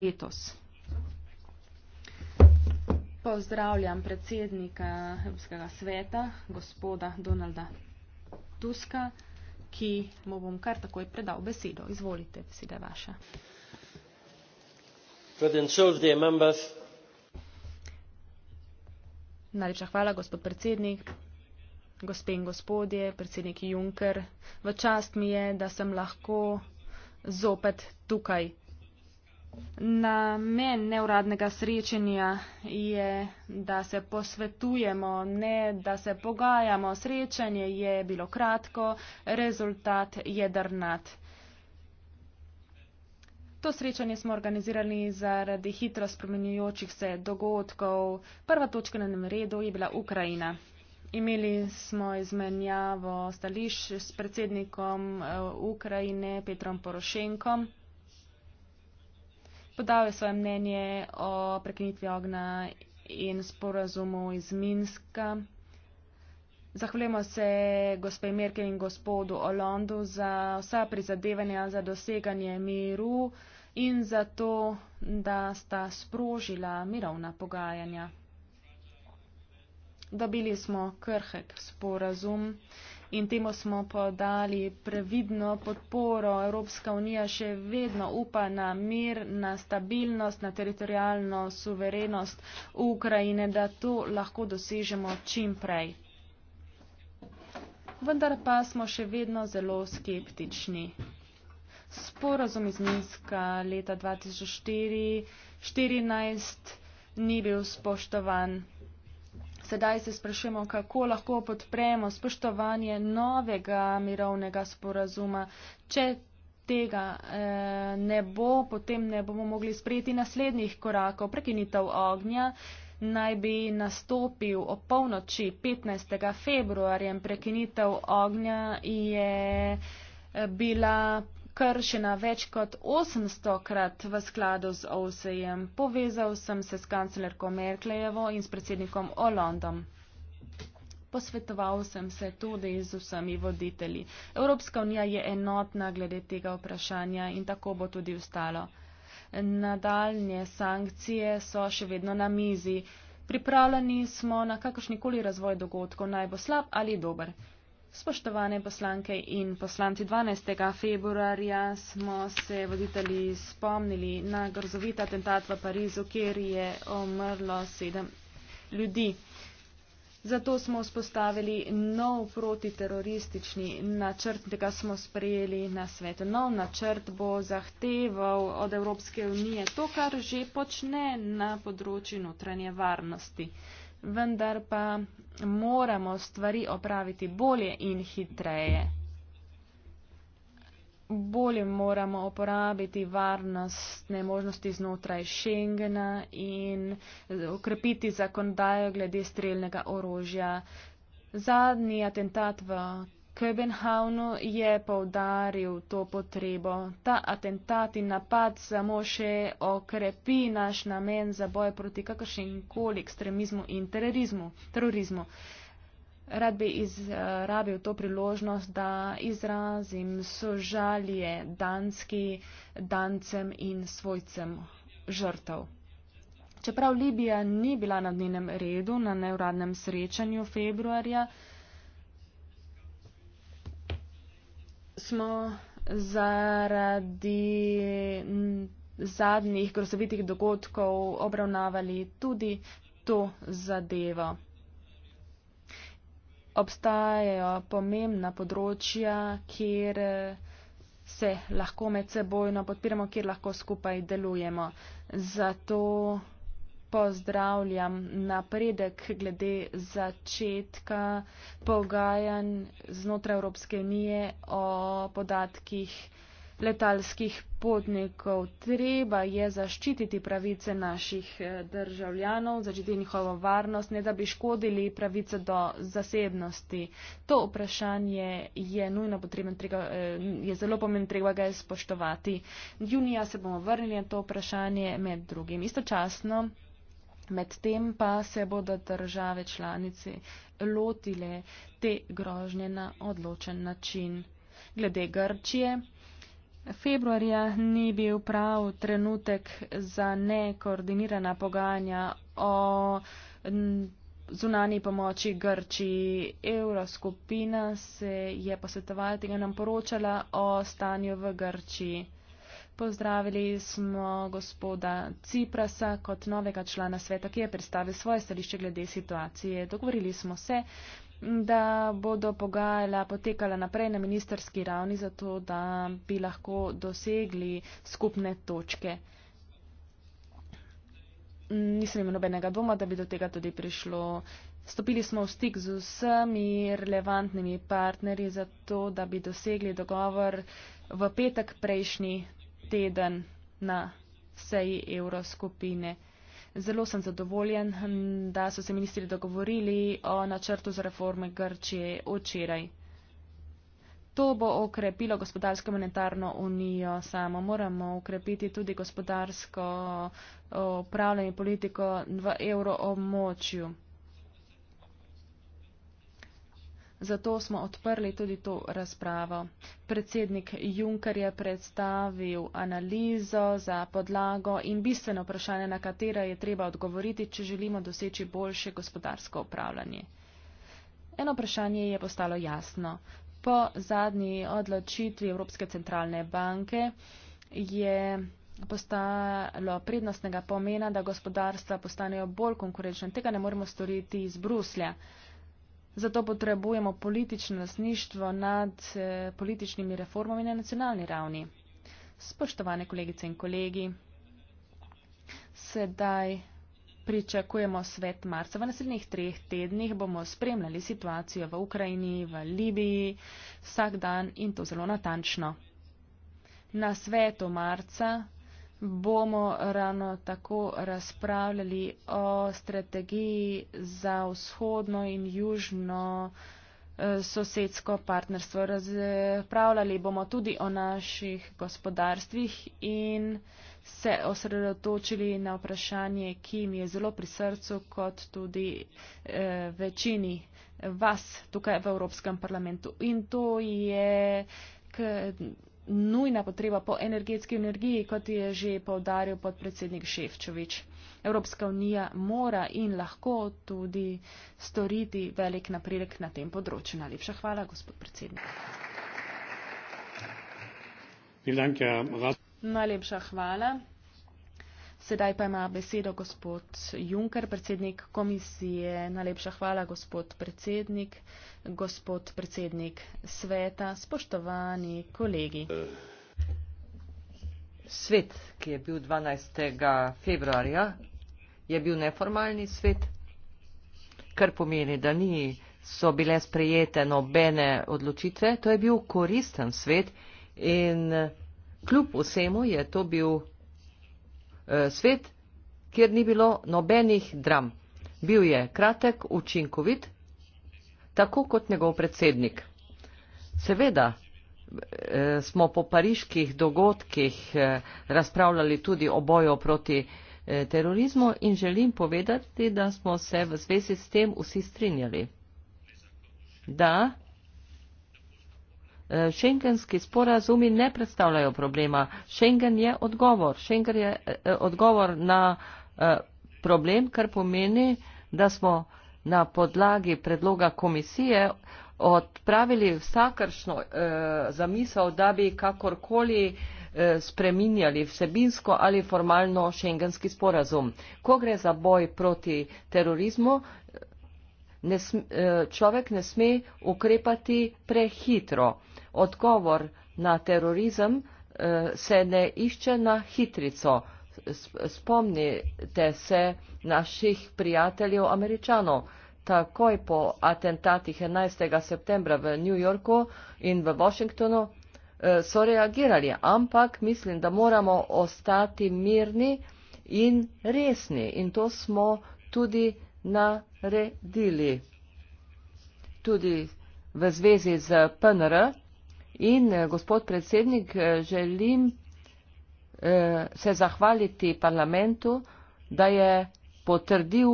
letos. Pozdravljam predsednika Evropskega sveta, gospoda Donalda Tuska, ki mu bom kar takoj predal besedo. Izvolite, beseda je vaša. Najlepša hvala, gospod predsednik, gospe in gospodje, predsednik Juncker. V čast mi je, da sem lahko zopet tukaj Namen neuradnega srečanja je, da se posvetujemo, ne da se pogajamo. Srečanje je bilo kratko, rezultat je drnat. To srečanje smo organizirali zaradi hitro spremenjujočih se dogodkov. Prva točka na nem redu je bila Ukrajina. Imeli smo izmenjavo stališč s predsednikom eh, Ukrajine Petrom Porošenkom podal je svoje mnenje o prekinitvi ognja in sporazumu iz Minska. Zahvaljujemo se gospe Merkel in gospodu Olandu za vsa prizadevanja za doseganje miru in za to, da sta sprožila mirovna pogajanja. Dobili smo krhek sporazum in temu smo podali previdno podporo. Evropska unija še vedno upa na mir, na stabilnost, na teritorijalno suverenost Ukrajine, da to lahko dosežemo čim prej. Vendar pa smo še vedno zelo skeptični. Sporazum iz Minska leta 2014 ni bil spoštovan. Sedaj se sprašujemo, kako lahko podpremo spoštovanje novega mirovnega sporazuma. Če tega eh, ne bo, potem ne bomo mogli sprejeti naslednjih korakov. Prekinitev ognja naj bi nastopil o polnoči 15. februarjem. Prekinitev ognja je eh, bila kršena več kot 800 krat v skladu z OSEJem. Povezal sem se s kanclerko Merklejevo in s predsednikom Olandom. Posvetoval sem se tudi z vsemi voditelji. Evropska unija je enotna glede tega vprašanja in tako bo tudi ostalo. Nadaljne sankcije so še vedno na mizi. Pripravljeni smo na kakršnikoli razvoj dogodkov, naj bo slab ali dober. Spoštovane poslanke in poslanci, 12. februarja smo se voditelji spomnili na grozovit atentat v Parizu, kjer je omrlo sedem ljudi. Zato smo vzpostavili nov protiteroristični načrt, ki ga smo sprejeli na svet. Nov načrt bo zahteval od Evropske unije to, kar že počne na področju notranje varnosti. Vendar pa moramo stvari opraviti bolje in hitreje. Bolje moramo uporabiti varnostne možnosti znotraj Schengena in ukrepiti zakonodajo glede streljnega orožja. Zadnji atentat v Köbenhavnu je povdaril to potrebo. Ta atentat in napad samo še okrepi naš namen za boj proti kakršnim koli ekstremizmu in terorizmu. terorizmu. Rad bi izrabil to priložnost, da izrazim sožalje danski dancem in svojcem žrtev. Čeprav Libija ni bila na dnevnem redu na neuradnem srečanju februarja, smo zaradi zadnjih grozovitih dogodkov obravnavali tudi to zadevo. Obstajajo pomembna področja, kjer se lahko med sebojno podpiramo, kjer lahko skupaj delujemo. Zato pozdravljam napredek glede začetka pogajanj znotraj Evropske unije o podatkih letalskih potnikov. Treba je zaščititi pravice naših eh, državljanov, zaščititi njihovo varnost, ne da bi škodili pravice do zasebnosti. To vprašanje je nujno potrebno, eh, je zelo pomembno, treba ga je spoštovati. Junija se bomo vrnili na to vprašanje med drugim. Istočasno Medtem pa se bodo države članice lotile te grožnje na odločen način. Glede Grčije, februarja ni bil prav trenutek za nekoordinirana pogajanja o zunani pomoči Grčiji. Evroskupina se je posvetovala tega nam poročala o stanju v Grčiji. Pozdravili smo gospoda Ciprasa kot novega člana sveta, ki je predstavil svoje stališče glede situacije. Dogovorili smo se, da bodo pogajala potekala naprej na ministerski ravni, zato da bi lahko dosegli skupne točke. Nisem imel nobenega doma, da bi do tega tudi prišlo. Stopili smo v stik z vsemi relevantnimi partnerji, zato da bi dosegli dogovor v petek prejšnji teden na seji evroskupine. Zelo sem zadovoljen, hm, da so se ministri dogovorili o načrtu za reforme Grčije včeraj. To bo okrepilo gospodarsko monetarno unijo samo. Moramo okrepiti tudi gospodarsko eh, upravljanje politiko v evroobmočju. Zato smo odprli tudi to razpravo. Predsednik Juncker je predstavil analizo za podlago in bistveno vprašanje, na katera je treba odgovoriti, če želimo doseči boljše gospodarsko upravljanje. Eno vprašanje je postalo jasno. Po zadnji odločitvi Evropske centralne banke je postalo prednostnega pomena, da gospodarstva postanejo bolj konkurenčna. Tega ne moremo storiti iz Bruslja. Zato potrebujemo politično lasništvo nad eh, političnimi reformami na nacionalni ravni. Spoštovane kolegice in kolegi, sedaj pričakujemo svet marca. V naslednjih treh tednih bomo spremljali situacijo v Ukrajini, v Libiji, vsak dan in to zelo natančno. Na svetu marca bomo ravno tako razpravljali o strategiji za vzhodno in južno eh, sosedsko partnerstvo. Razpravljali bomo tudi o naših gospodarstvih in se osredotočili na vprašanje, ki mi je zelo pri srcu, kot tudi eh, večini vas tukaj v Evropskem parlamentu. In to je, k, nujna potreba po energetski energiji, kot je že povdaril podpredsednik Ševčovič. Evropska unija mora in lahko tudi storiti velik napredek na tem področju. Najlepša hvala, gospod predsednik. Najlepša hvala. Sedaj pa ima besedo gospod Juncker, predsednik komisije. Najlepša hvala, gospod predsednik, gospod predsednik sveta, spoštovani kolegi. Svet, ki je bil 12. februarja, je bil neformalni svet, kar pomeni, da ni so bile sprejete nobene odločitve. To je bil koristen svet in kljub vsemu je to bil Eh, svet, kjer ni bilo nobenih dram. Bil je kratek, učinkovit, tako kot njegov predsednik. Seveda eh, smo po pariških dogodkih eh, razpravljali tudi o boju proti terorizmu in želim povedati, da smo se v zvezi s tem vsi strinjali. Da, Schengenski eh, sporazumi ne predstavljajo problema. Schengen je odgovor. Schengen je eh, eh, odgovor na problem, kar pomeni, da smo na podlagi predloga komisije odpravili vsakršno zamisel, da bi kakorkoli spreminjali vsebinsko ali formalno šengenski sporazum. Ko gre za boj proti terorizmu, ne sme, človek ne sme ukrepati prehitro odgovor na terorizem eh, se ne išče na hitrico. Spomnite se naših prijateljev američanov. Takoj po atentatih 11. septembra v New Yorku in v Washingtonu eh, so reagirali, ampak mislim, da moramo ostati mirni in resni in to smo tudi naredili. Tudi v zvezi z PNR In eh, gospod predsednik, eh, želim eh, se zahvaliti parlamentu, da je potrdil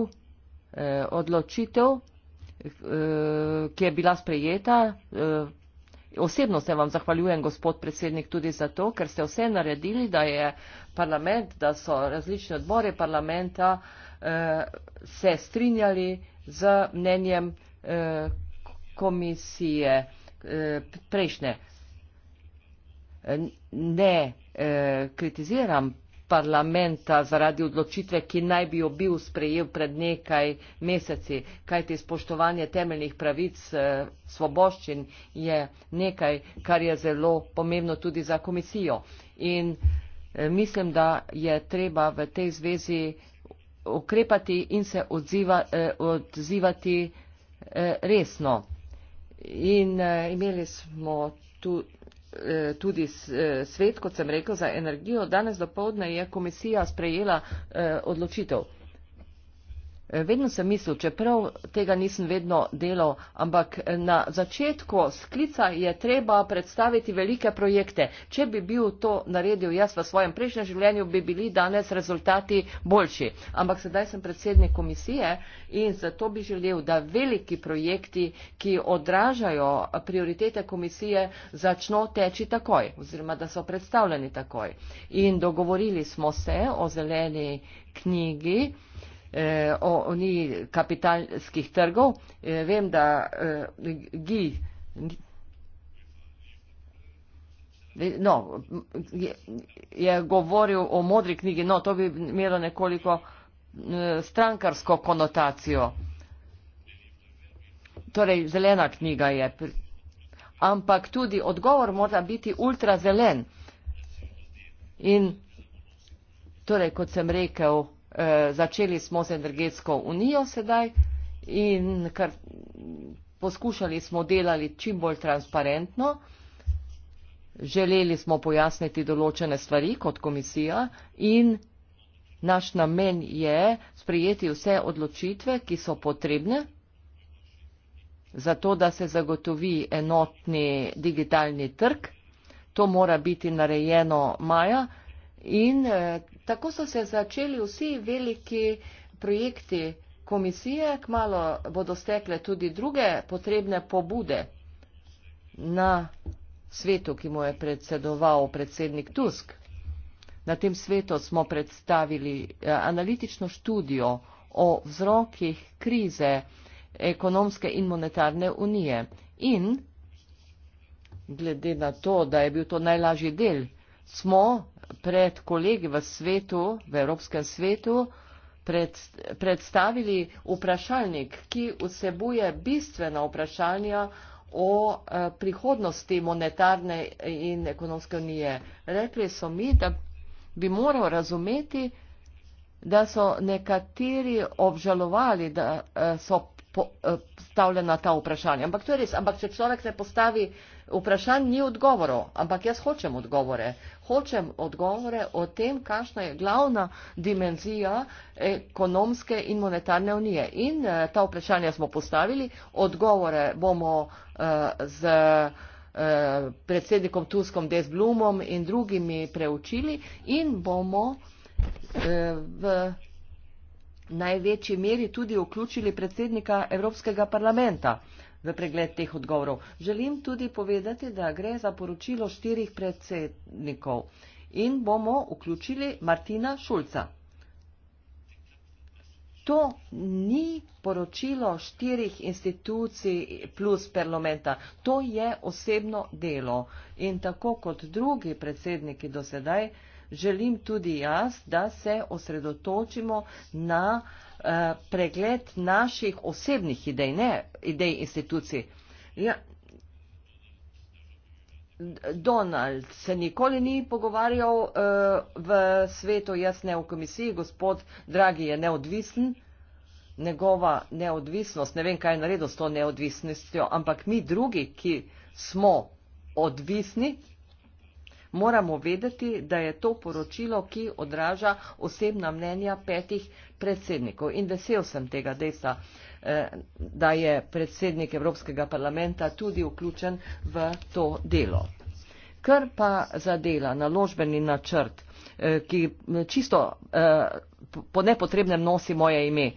odločitev, ki je bila sprejeta. Osebno se vam zahvaljujem, gospod predsednik, tudi za to, ker ste vse naredili, da je parlament, da so različne odbore parlamenta se strinjali z mnenjem komisije prejšnje ne eh, kritiziram parlamenta zaradi odločitve, ki naj bi jo bil sprejel pred nekaj meseci, kajti spoštovanje temeljnih pravic eh, svoboščin je nekaj, kar je zelo pomembno tudi za komisijo. In eh, mislim, da je treba v tej zvezi ukrepati in se odziva, odzivati resno. In imeli smo tu Eh, tudi eh, svet, kot sem rekel, za energijo. Danes do povdne je komisija sprejela eh, odločitev. Eh, vedno sem mislil, čeprav tega nisem vedno delal, ampak eh, na začetku sklica je treba predstaviti velike projekte. Če bi bil to naredil jaz v svojem prejšnjem življenju, bi bili danes rezultati boljši. Ampak sedaj sem predsednik komisije in zato bi želel, da veliki projekti, ki odražajo prioritete komisije, začno teči takoj oziroma da so predstavljeni takoj. In dogovorili smo se o zeleni knjigi eh, o, o ni kapitalskih trgov. Eh, vem, da eh, gi. No, je govoril o modri knjigi, no to bi imelo nekoliko eh, strankarsko konotacijo. Torej, zelena knjiga je. Ampak tudi odgovor mora biti ultrazelen. In torej, kot sem rekel, Eh, začeli smo z energetsko unijo sedaj in kar poskušali smo delati čim bolj transparentno. Želeli smo pojasniti določene stvari kot komisija in naš namen je sprijeti vse odločitve, ki so potrebne za to, da se zagotovi enotni digitalni trg. To mora biti narejeno maja in eh, Tako so se začeli vsi veliki projekti komisije, kmalo bodo stekle tudi druge potrebne pobude na svetu, ki mu je predsedoval predsednik Tusk. Na tem svetu smo predstavili eh, analitično študijo o vzrokih krize ekonomske in monetarne unije. In glede na to, da je bil to najlažji del, smo pred kolegi v svetu, v Evropskem svetu, pred, predstavili vprašalnik, ki vsebuje bistvena vprašanja o eh, prihodnosti monetarne in ekonomske unije. Rekli so mi, da bi moral razumeti, da so nekateri obžalovali, da eh, so Eh, postavljena ta vprašanja. Ampak to je res, ampak če človek ne postavi vprašanj, ni odgovorov. Ampak jaz hočem odgovore. Hočem odgovore o tem, kakšna je glavna dimenzija ekonomske in monetarne unije. In eh, ta vprašanja smo postavili, odgovore bomo eh, z predsednikom Tuskom Desblumom in drugimi preučili in bomo v največji meri tudi vključili predsednika Evropskega parlamenta v pregled teh odgovorov. Želim tudi povedati, da gre za poročilo štirih predsednikov in bomo vključili Martina Šulca. To ni poročilo štirih institucij plus parlamenta, to je osebno delo in tako kot drugi predsedniki do sedaj, želim tudi jaz, da se osredotočimo na uh, pregled naših osebnih idej, ne idej institucij. Ja. Donald se nikoli ni pogovarjal uh, v svetu, jaz ne v komisiji, gospod Dragi je neodvisen, njegova neodvisnost, ne vem, kaj je naredil s to neodvisnostjo, ampak mi drugi, ki smo odvisni, moramo vedeti, da je to poročilo, ki odraža osebna mnenja petih predsednikov. In vesel sem tega dejstva, eh, da je predsednik Evropskega parlamenta tudi vključen v to delo. Kar pa zadela naložbeni načrt, eh, ki čisto eh, po nepotrebnem nosi moje ime.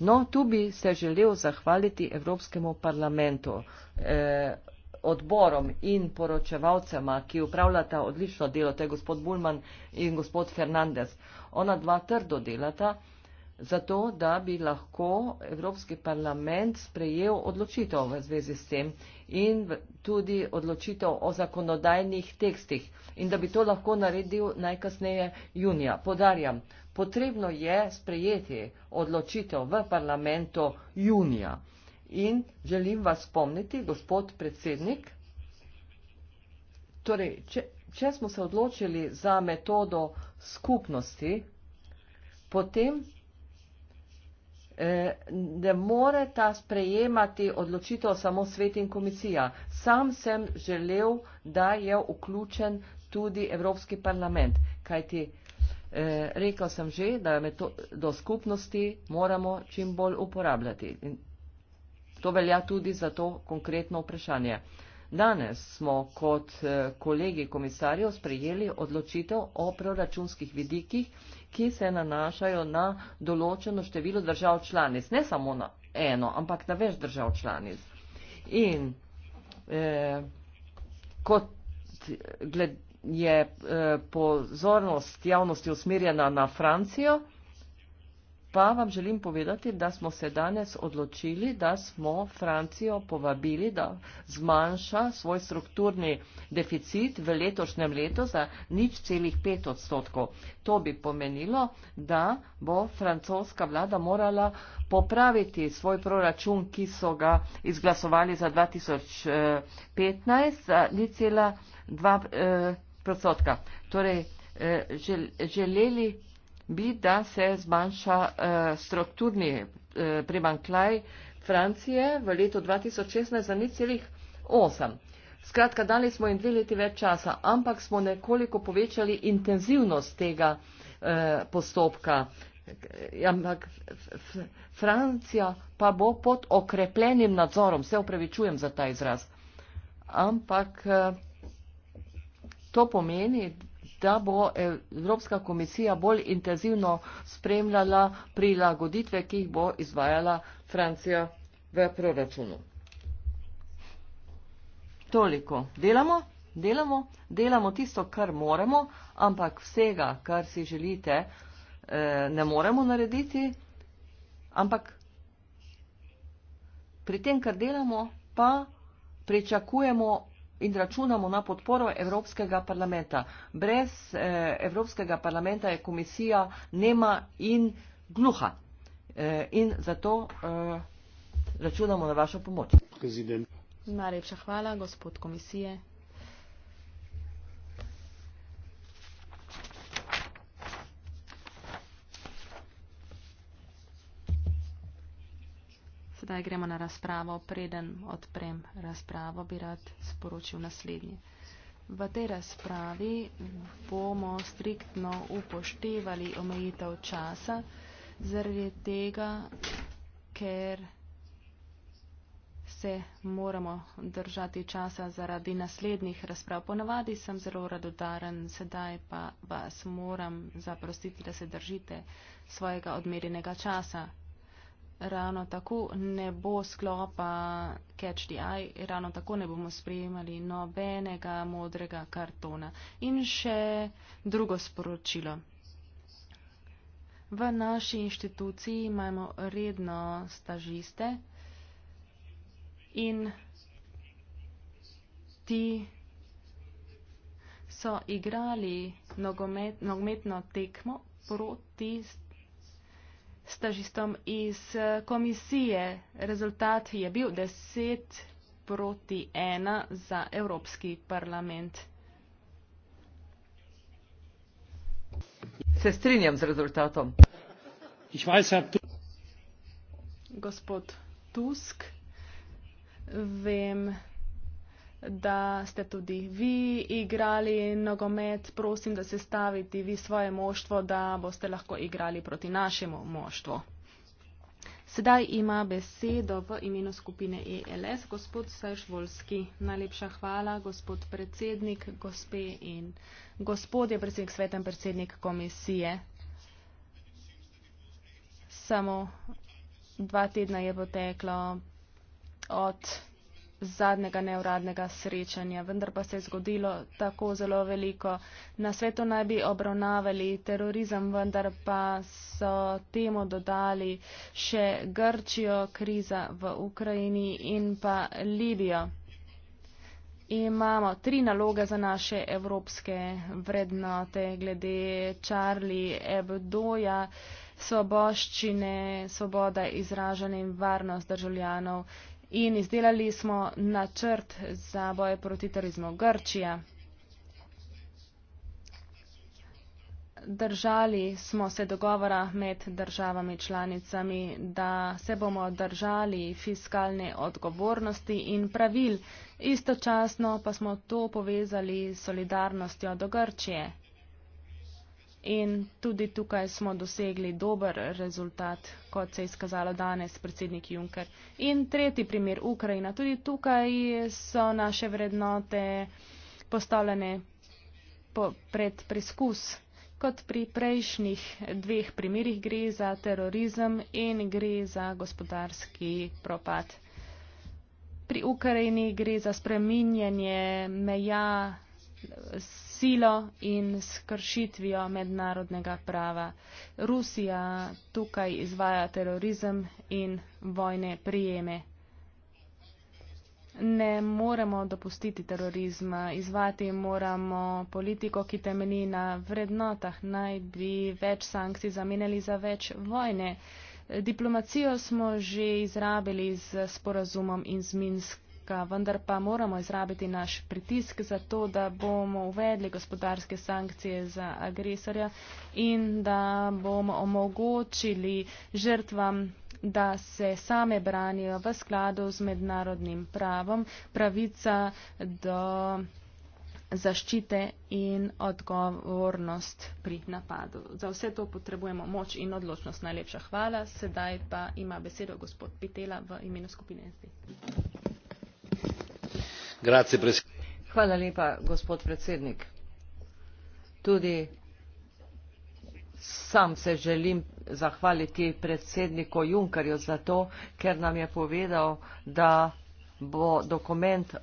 No, tu bi se želel zahvaliti Evropskemu parlamentu. Eh, odborom in poročevalcema, ki upravljata odlično delo, to je gospod Bulman in gospod Fernandez. Ona dva trdo delata, zato da bi lahko Evropski parlament sprejel odločitev v zvezi s tem in tudi odločitev o zakonodajnih tekstih in da bi to lahko naredil najkasneje junija. Podarjam, potrebno je sprejeti odločitev v parlamentu junija in želim vas spomniti, gospod predsednik, torej, če, če smo se odločili za metodo skupnosti, potem eh, ne more ta sprejemati odločitev samo svet in komisija. Sam sem želel, da je vključen tudi Evropski parlament, kajti eh, rekel sem že, da metodo skupnosti moramo čim bolj uporabljati. In, To velja tudi za to konkretno vprašanje. Danes smo kot eh, kolegi komisarjev sprejeli odločitev o proračunskih vidikih, ki se nanašajo na določeno število držav članic, ne samo na eno, ampak na več držav članic. In eh, kot je eh, pozornost javnosti usmerjena na Francijo, pa vam želim povedati, da smo se danes odločili, da smo Francijo povabili, da zmanjša svoj strukturni deficit v letošnjem letu za nič celih pet odstotkov. To bi pomenilo, da bo francoska vlada morala popraviti svoj proračun, ki so ga izglasovali za 2015, eh, za nič cela dva eh, procotka. Torej, eh, želeli bi, da se zmanjša uh, strukturni uh, primankljaj Francije v letu 2016 za 0,8. Skratka, dali smo jim dve leti več časa, ampak smo nekoliko povečali intenzivnost tega uh, postopka. Ja, ampak Francija pa bo pod okrepljenim nadzorom, se upravičujem za ta izraz. Ampak to pomeni, da bo Evropska komisija bolj intenzivno spremljala prilagoditve, ki jih bo izvajala Francija v proračunu. Toliko. Delamo, delamo, delamo tisto, kar moremo, ampak vsega, kar si želite, eh, ne moremo narediti. Ampak pri tem, kar delamo, pa pričakujemo in računamo na podporo Evropskega parlamenta. Brez eh, Evropskega parlamenta je komisija nema in gluha. Eh, in zato eh, računamo na vašo pomoč. Najlepša hvala, gospod komisije. kdaj gremo na razpravo, preden odprem razpravo, bi rad sporočil naslednji. V tej razpravi bomo striktno upoštevali omejitev časa, zaradi tega, ker se moramo držati časa zaradi naslednjih razprav. Ponavadi sem zelo radodaren, sedaj pa vas moram zaprositi, da se držite svojega odmerjenega časa ravno tako ne bo sklopa Catch the Eye, ravno tako ne bomo sprejemali nobenega modrega kartona. In še drugo sporočilo. V naši inštituciji imamo redno stažiste in ti so igrali nogometno tekmo proti stažiste stažistom iz eh, komisije. Rezultat je bil 10 proti 1 za Evropski parlament. Se strinjam z rezultatom. Gospod Tusk, vem, da ste tudi vi igrali nogomet. Prosim, da se stavite vi svoje moštvo, da boste lahko igrali proti našemu moštvu. Sedaj ima besedo v imenu skupine ELS gospod Sajšvolski. Najlepša hvala, gospod predsednik, gospe in gospodje, predsednik sveten predsednik komisije. Samo dva tedna je poteklo od zadnjega neuradnega srečanja. Vendar pa se je zgodilo tako zelo veliko. Na svetu naj bi obravnavali terorizem, vendar pa so temu dodali še Grčijo, kriza v Ukrajini in pa Libijo. Imamo tri naloge za naše evropske vrednote glede Charlie Hebdoja, svoboščine, svoboda izražanja in varnost državljanov in izdelali smo načrt za boje proti terorizmu. Grčija. Držali smo se dogovora med državami članicami, da se bomo držali fiskalne odgovornosti in pravil. Istočasno pa smo to povezali s solidarnostjo do Grčije. In tudi tukaj smo dosegli dober rezultat, kot se je izkazalo danes predsednik Juncker. In tretji primer Ukrajina. Tudi tukaj so naše vrednote postavljene po, pred preskus. Kot pri prejšnjih dveh primerih gre za terorizem in gre za gospodarski propad. Pri Ukrajini gre za spreminjanje meja. S silo in s kršitvijo mednarodnega prava. Rusija tukaj izvaja terorizem in vojne prijeme. Ne moremo dopustiti terorizma, izvati moramo politiko, ki temeni na vrednotah. Naj bi več sankcij zamenjali za več vojne. Diplomacijo smo že izrabili z sporazumom in z Minsk dohodka, vendar pa moramo izrabiti naš pritisk za to, da bomo uvedli gospodarske sankcije za agresorja in da bomo omogočili žrtvam, da se same branijo v skladu z mednarodnim pravom, pravica do zaščite in odgovornost pri napadu. Za vse to potrebujemo moč in odločnost. Najlepša hvala. Sedaj pa ima besedo gospod Pitela v imenu skupine SD tudi sam se želim zahvaliti predsedniku junckerju za to ker nam je povedal da bo dokument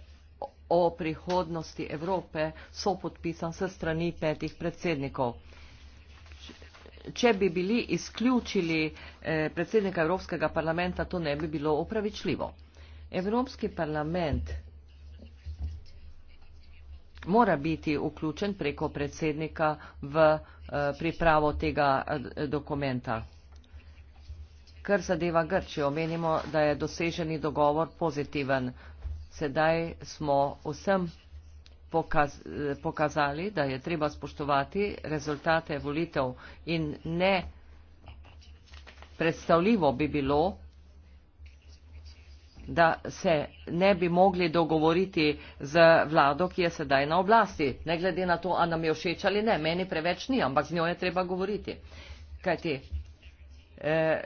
o prihodnosti evrope sopodpisan s strani petih predsednikov če bi bili izključili eh, predsednika evropskega parlamenta to ne bi bilo opravičljivo evropski parlament mora biti vključen preko predsednika v eh, pripravo tega eh, dokumenta. Kar zadeva Grčijo, menimo, da je doseženi dogovor pozitiven. Sedaj smo vsem pokaz, eh, pokazali, da je treba spoštovati rezultate volitev in ne predstavljivo bi bilo, da se ne bi mogli dogovoriti z vlado, ki je sedaj na oblasti. Ne glede na to, a nam je všeč ali ne, meni preveč ni, ampak z njo je treba govoriti. Kajti, eh,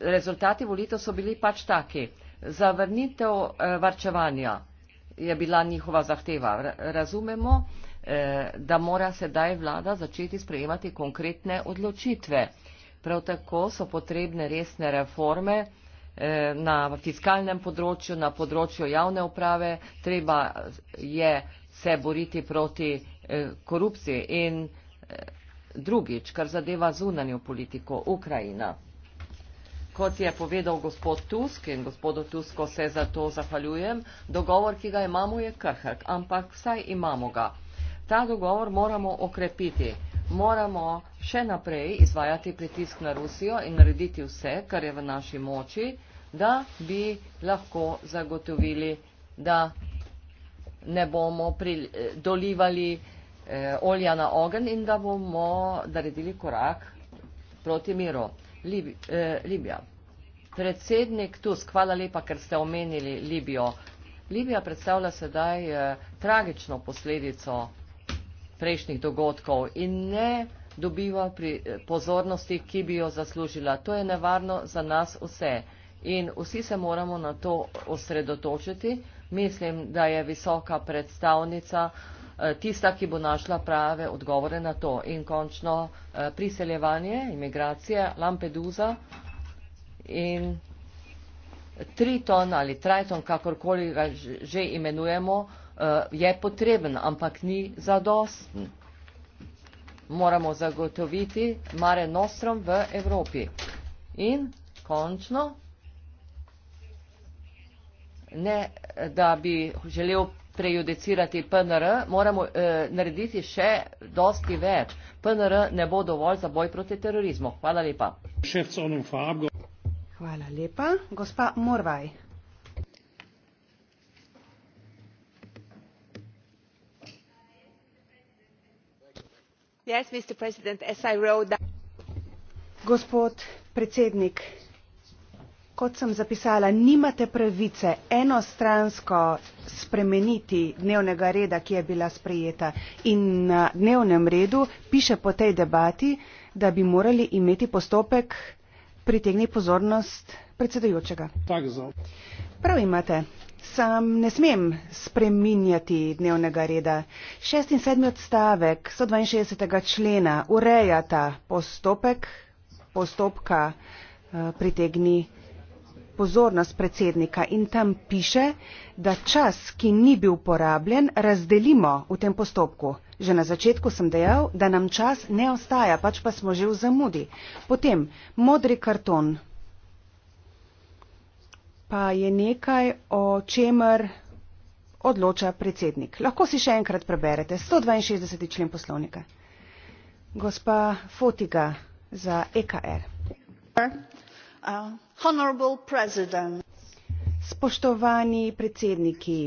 rezultati volitev so bili pač taki. Zavrnitev eh, varčevanja je bila njihova zahteva. Razumemo, eh, da mora sedaj vlada začeti sprejemati konkretne odločitve. Prav tako so potrebne resne reforme, Eh, na fiskalnem področju, na področju javne uprave, treba je se boriti proti eh, korupciji in eh, drugič, kar zadeva zunanjo politiko, Ukrajina. Kot je povedal gospod Tusk in gospodo Tusko se za to zahvaljujem, dogovor, ki ga imamo, je krhek, ampak vsaj imamo ga. Ta dogovor moramo okrepiti. Moramo še naprej izvajati pritisk na Rusijo in narediti vse, kar je v naši moči da bi lahko zagotovili, da ne bomo pri, dolivali eh, olja na ogen in da bomo naredili korak proti miru. Lib, eh, Libija. Predsednik Tusk, hvala lepa, ker ste omenili Libijo. Libija predstavlja sedaj eh, tragično posledico prejšnjih dogodkov in ne dobiva pri eh, pozornosti, ki bi jo zaslužila. To je nevarno za nas vse in vsi se moramo na to osredotočiti. Mislim, da je visoka predstavnica eh, tista, ki bo našla prave odgovore na to. In končno eh, priseljevanje, imigracije, Lampedusa in Triton ali Triton, kakorkoli ga že imenujemo, eh, je potreben, ampak ni zadosten. Moramo zagotoviti Mare Nostrom v Evropi. In končno ne da bi želel prejudicirati PNR, moramo eh, narediti še dosti več. PNR ne bo dovolj za boj proti terorizmu. Hvala lepa. Hvala lepa. Gospa Morvaj. Yes, Gospod predsednik, kot sem zapisala, nimate pravice enostransko spremeniti dnevnega reda, ki je bila sprejeta. In na dnevnem redu piše po tej debati, da bi morali imeti postopek pritegni pozornost predsedujočega. Prav imate. Sam ne smem spreminjati dnevnega reda. Šest in sedmi odstavek 162. člena urejata postopek postopka eh, pritegni pozornost predsednika in tam piše, da čas, ki ni bil porabljen, razdelimo v tem postopku. Že na začetku sem dejal, da nam čas ne ostaja, pač pa smo že v zamudi. Potem modri karton. Pa je nekaj, o čemer odloča predsednik. Lahko si še enkrat preberete. 162. člen poslovnika. Gospa Fotiga za EKR spoštovani predsedniki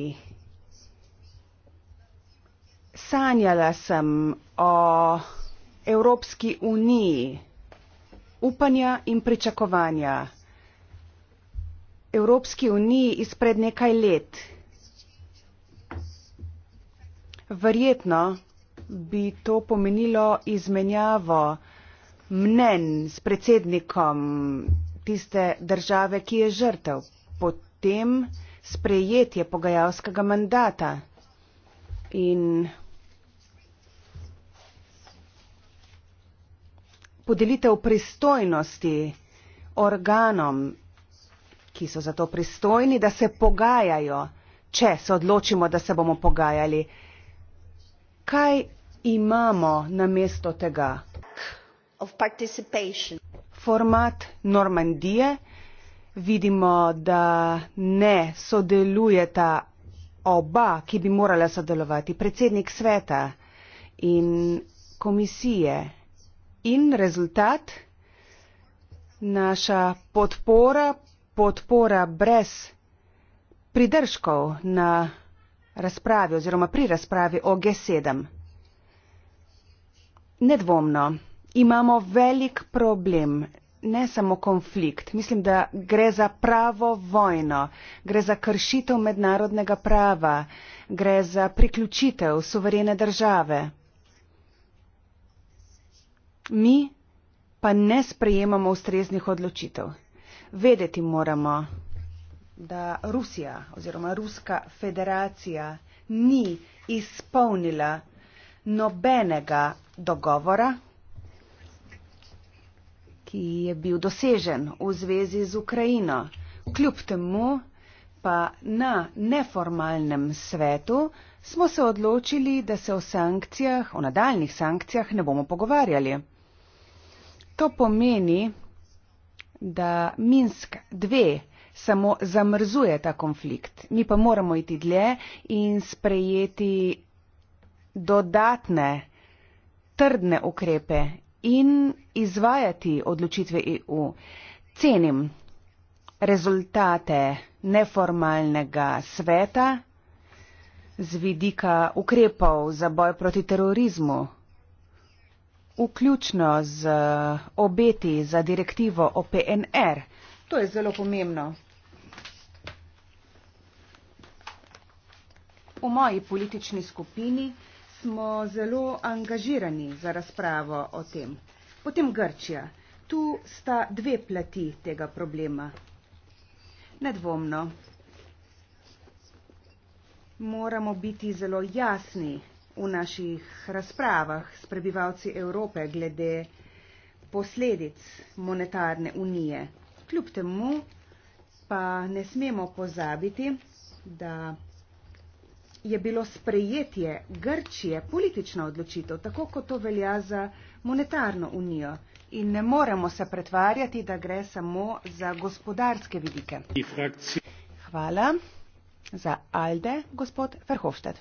sanjala sem o evropski uniji upanja in pričakovanja evropski uniji izpred nekaj let verjetno bi to pomenilo izmenjavo mnenj s predsednikom junckerjem tiste države, ki je žrtev. Potem sprejetje pogajalskega mandata in podelitev pristojnosti organom, ki so za to pristojni, da se pogajajo, če se odločimo, da se bomo pogajali. Kaj imamo na mesto tega? format Normandije. Vidimo, da ne sodelujeta oba, ki bi morala sodelovati, predsednik sveta in komisije. In rezultat, naša podpora, podpora brez pridržkov na razpravi oziroma pri razpravi o G7. Nedvomno imamo velik problem, ne samo konflikt, mislim, da gre za pravo vojno, gre za kršitev mednarodnega prava, gre za priključitev suverene države. Mi pa ne sprejemamo ustreznih odločitev. Vedeti moramo, da Rusija oziroma Ruska federacija ni izpolnila nobenega dogovora, ki je bil dosežen v zvezi z Ukrajino. Kljub temu pa na neformalnem svetu smo se odločili, da se o sankcijah, o nadaljnih sankcijah ne bomo pogovarjali. To pomeni, da Minsk 2 samo zamrzuje ta konflikt. Mi pa moramo iti dlje in sprejeti dodatne trdne ukrepe in izvajati odločitve EU. Cenim rezultate neformalnega sveta z vidika ukrepov za boj proti terorizmu, vključno z obeti za direktivo o PNR. To je zelo pomembno. V moji politični skupini smo zelo angažirani za razpravo o tem. Potem Grčija. Tu sta dve plati tega problema. Nedvomno. Moramo biti zelo jasni v naših razpravah s prebivalci Evrope glede posledic monetarne unije. Kljub temu pa ne smemo pozabiti, da je bilo sprejetje Grčije politična odločitev, tako kot to velja za monetarno unijo. In ne moremo se pretvarjati, da gre samo za gospodarske vidike. Hvala za Alde, gospod Verhofstadt.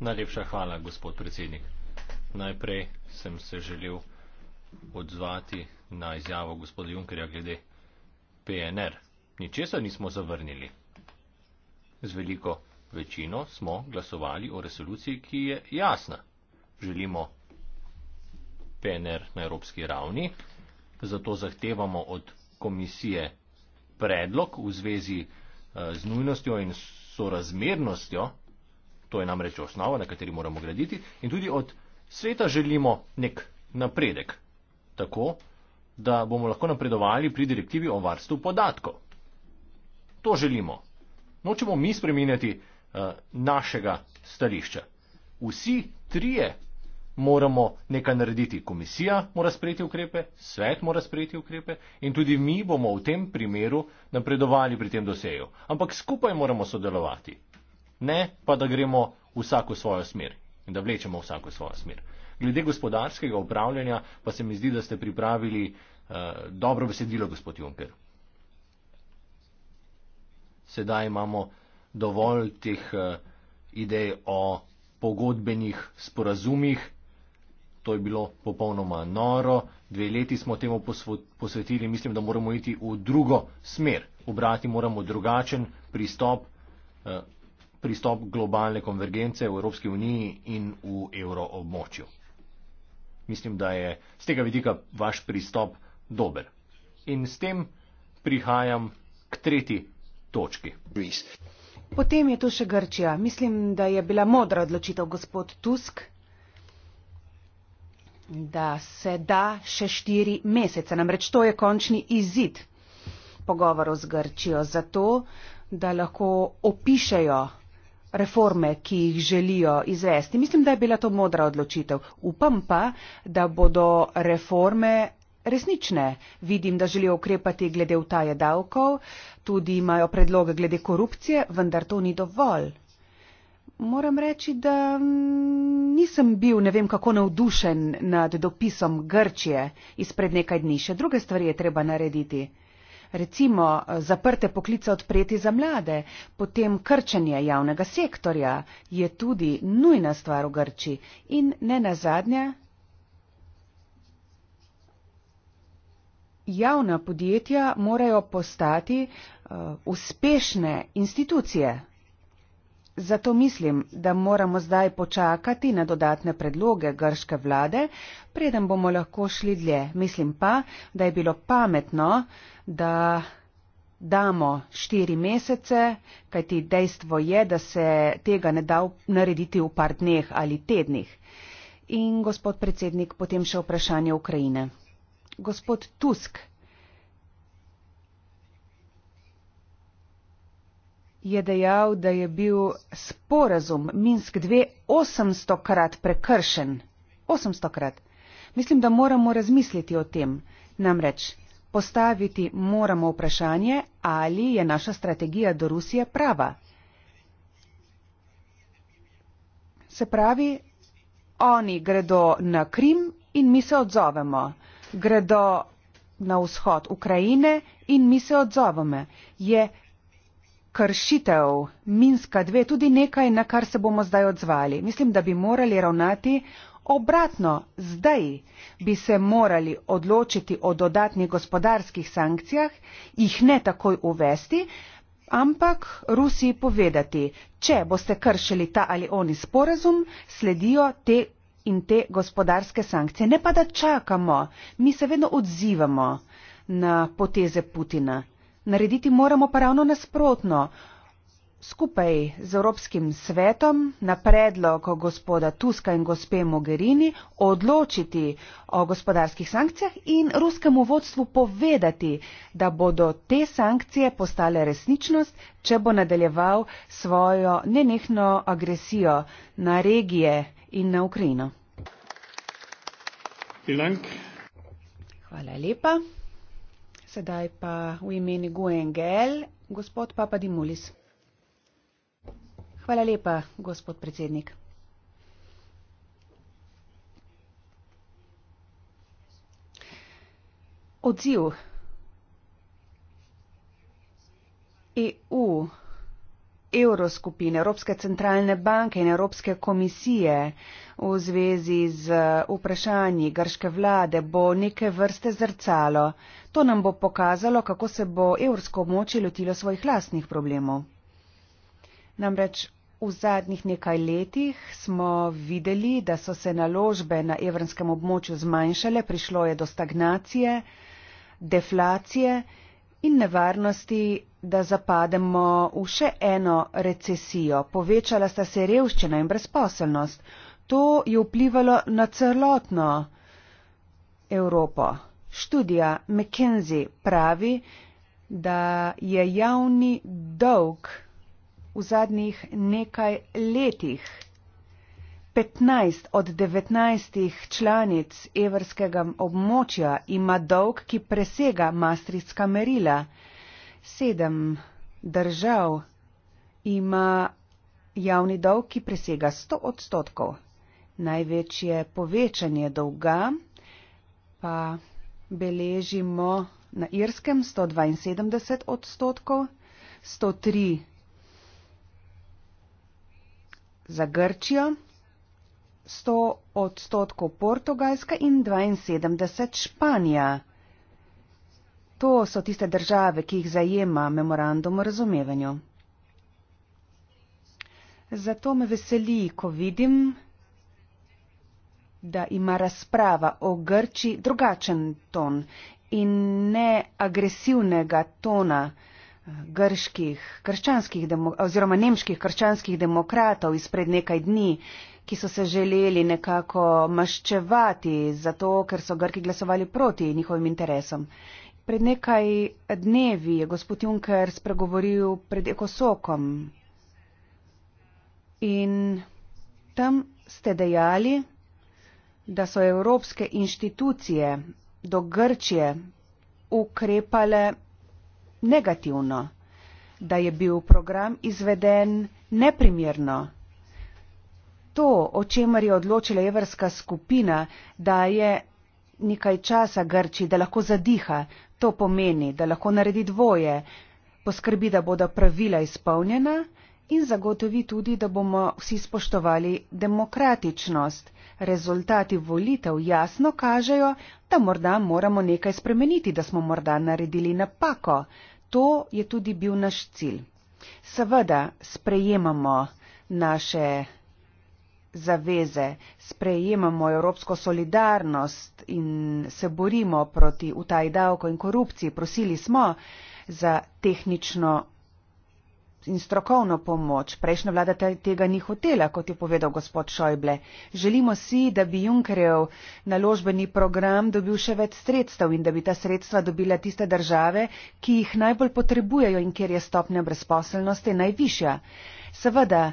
Najlepša hvala, gospod predsednik. Najprej sem se želel odzvati na izjavo gospoda Junkerja glede PNR. Ničesar nismo zavrnili. Z veliko večino smo glasovali o resoluciji, ki je jasna. Želimo PNR na evropski ravni, zato zahtevamo od komisije predlog v zvezi eh, z nujnostjo in sorazmernostjo, to je namreč osnova, na kateri moramo graditi, in tudi od sveta želimo nek napredek, tako da bomo lahko napredovali pri direktivi o varstvu podatkov. To želimo. Nočemo mi spreminjati Eh, našega stališča. Vsi trije moramo nekaj narediti. Komisija mora sprejeti ukrepe, svet mora sprejeti ukrepe in tudi mi bomo v tem primeru napredovali pri tem doseju. Ampak skupaj moramo sodelovati, ne pa da gremo vsako svojo smer in da vlečemo vsako svojo smer. Glede gospodarskega upravljanja pa se mi zdi, da ste pripravili uh, dobro besedilo, gospod Juncker. Sedaj imamo dovolj teh eh, idej o pogodbenih sporazumih. To je bilo popolnoma noro. Dve leti smo temu posvetili, mislim, da moramo iti v drugo smer. Obrati moramo drugačen pristop, eh, pristop globalne konvergence v Evropski uniji in v euroobmočju. Mislim, da je z tega vidika vaš pristop dober. In s tem prihajam k tretji točki. Greece. Potem je tu še Grčija. Mislim, da je bila modra odločitev gospod Tusk, da se da še štiri mesece. Namreč to je končni izid pogovorov z Grčijo za to, da lahko opišajo reforme, ki jih želijo izvesti. Mislim, da je bila to modra odločitev. Upam pa, da bodo reforme resnične. Vidim, da želijo ukrepati glede vtaje davkov, tudi imajo predloge glede korupcije, vendar to ni dovolj. Moram reči, da mm, nisem bil ne vem kako navdušen nad dopisom Grčije izpred nekaj dni. Še druge stvari je treba narediti. Recimo eh, zaprte poklice odpreti za mlade, potem krčenje javnega sektorja je tudi nujna stvar v Grči in ne nazadnje javna podjetja morajo postati uh, uspešne institucije. Zato mislim, da moramo zdaj počakati na dodatne predloge grške vlade, preden bomo lahko šli dlje. Mislim pa, da je bilo pametno, da damo štiri mesece, kajti dejstvo je, da se tega ne da narediti v par dneh ali tednih. In gospod predsednik, potem še vprašanje Ukrajine gospod Tusk je dejal, da je bil sporazum Minsk 2 800 krat prekršen. 800 krat. Mislim, da moramo razmisliti o tem. Namreč postaviti moramo vprašanje, ali je naša strategija do Rusije prava. Se pravi, oni gredo na Krim in mi se odzovemo gredo na vzhod Ukrajine in mi se odzoveme. Je kršitev Minska 2 tudi nekaj, na kar se bomo zdaj odzvali. Mislim, da bi morali ravnati obratno. Zdaj bi se morali odločiti o dodatnih gospodarskih sankcijah, jih ne takoj uvesti, ampak Rusiji povedati, če boste kršili ta ali oni sporazum, sledijo te in te gospodarske sankcije. Ne pa da čakamo, mi se vedno odzivamo na poteze Putina. Narediti moramo pa ravno nasprotno. Skupaj z Evropskim svetom na predlog gospoda Tuska in gospe Mogherini odločiti o gospodarskih sankcijah in ruskemu vodstvu povedati, da bodo te sankcije postale resničnost, če bo nadaljeval svojo nenehno agresijo na regije in na Ukrajino. Hvala lepa. Sedaj pa v imeni Guengel, gospod Papadimulis. Hvala lepa, gospod predsednik. Odziv evroskupine, Evropske centralne banke in Evropske komisije v zvezi z vprašanji grške vlade bo neke vrste zrcalo. To nam bo pokazalo, kako se bo evrsko območje lotilo svojih lastnih problemov. Namreč v zadnjih nekaj letih smo videli, da so se naložbe na evrskem območju zmanjšale, prišlo je do stagnacije, deflacije in in nevarnosti, da zapademo v še eno recesijo. Povečala sta se revščina in brezposelnost. To je vplivalo na celotno Evropo. Študija McKenzie pravi, da je javni dolg v zadnjih nekaj letih 15 od 19 članic evrskega območja ima dolg, ki presega mastritska merila. Sedem držav ima javni dolg, ki presega 100 odstotkov. Največje povečanje dolga pa beležimo na Irskem 172 odstotkov, 103 za Grčijo, 100 odstotkov Portugalska in 72 Španija. To so tiste države, ki jih zajema memorandum o razumevanju. Zato me veseli, ko vidim, da ima razprava o Grči drugačen ton in ne agresivnega tona eh, grških, krščanskih, oziroma nemških krščanskih demokratov izpred nekaj dni, ki so se želeli nekako maščevati zato, ker so Grki glasovali proti njihovim interesom. Pred nekaj dnevi je gospod Juncker spregovoril pred Ekosokom in tam ste dejali, da so evropske inštitucije do Grčije ukrepale negativno, da je bil program izveden neprimerno to, o čemer je odločila evrska skupina, da je nekaj časa Grči, da lahko zadiha, to pomeni, da lahko naredi dvoje, poskrbi, da bodo pravila izpolnjena in zagotovi tudi, da bomo vsi spoštovali demokratičnost. Rezultati volitev jasno kažejo, da morda moramo nekaj spremeniti, da smo morda naredili napako. To je tudi bil naš cilj. Seveda sprejemamo naše zaveze, sprejemamo evropsko solidarnost in se borimo proti utaji davko in korupciji. Prosili smo za tehnično in strokovno pomoč. Prejšnja vlada tega ni hotela, kot je povedal gospod Šojble. Želimo si, da bi Junkerjev naložbeni program dobil še več sredstev in da bi ta sredstva dobila tiste države, ki jih najbolj potrebujejo in kjer je stopnja brezposelnosti najvišja. Seveda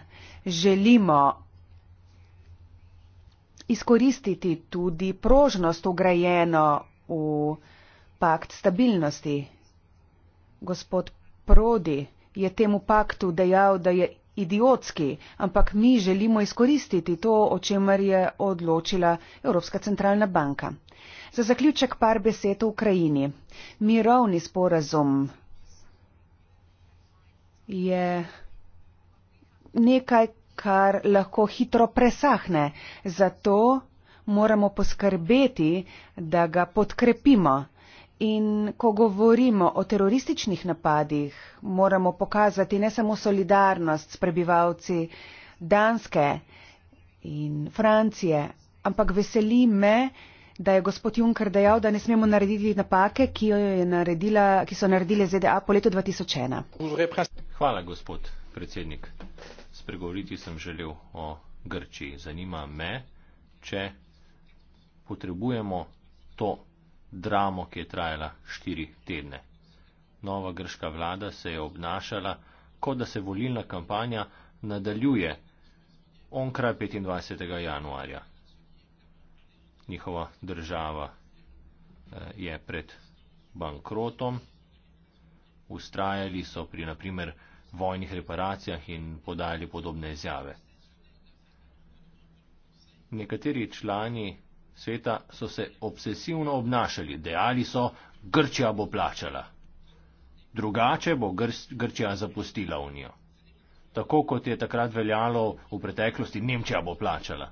želimo izkoristiti tudi prožnost ugrajeno v pakt stabilnosti. Gospod Prodi je temu paktu dejal, da je idiotski, ampak mi želimo izkoristiti to, o čemer je odločila Evropska centralna banka. Za zaključek par besed o Ukrajini. Mirovni sporazum je nekaj, kar lahko hitro presahne. Zato moramo poskrbeti, da ga podkrepimo. In ko govorimo o terorističnih napadih, moramo pokazati ne samo solidarnost s prebivalci Danske in Francije, ampak veseli me, da je gospod Juncker dejal, da ne smemo narediti napake, ki, naredila, ki so naredile ZDA po letu 2001. Hvala, gospod predsednik spregovoriti sem želel o Grčiji. Zanima me, če potrebujemo to dramo, ki je trajala štiri tedne. Nova grška vlada se je obnašala, kot da se volilna kampanja nadaljuje onkraj 25. januarja. Njihova država eh, je pred bankrotom, ustrajali so pri naprimer vojnih reparacijah in podajali podobne izjave. Nekateri člani sveta so se obsesivno obnašali, dejali so, Grčija bo plačala. Drugače bo Gr Grčija zapustila Unijo. Tako kot je takrat veljalo v preteklosti, Nemčija bo plačala.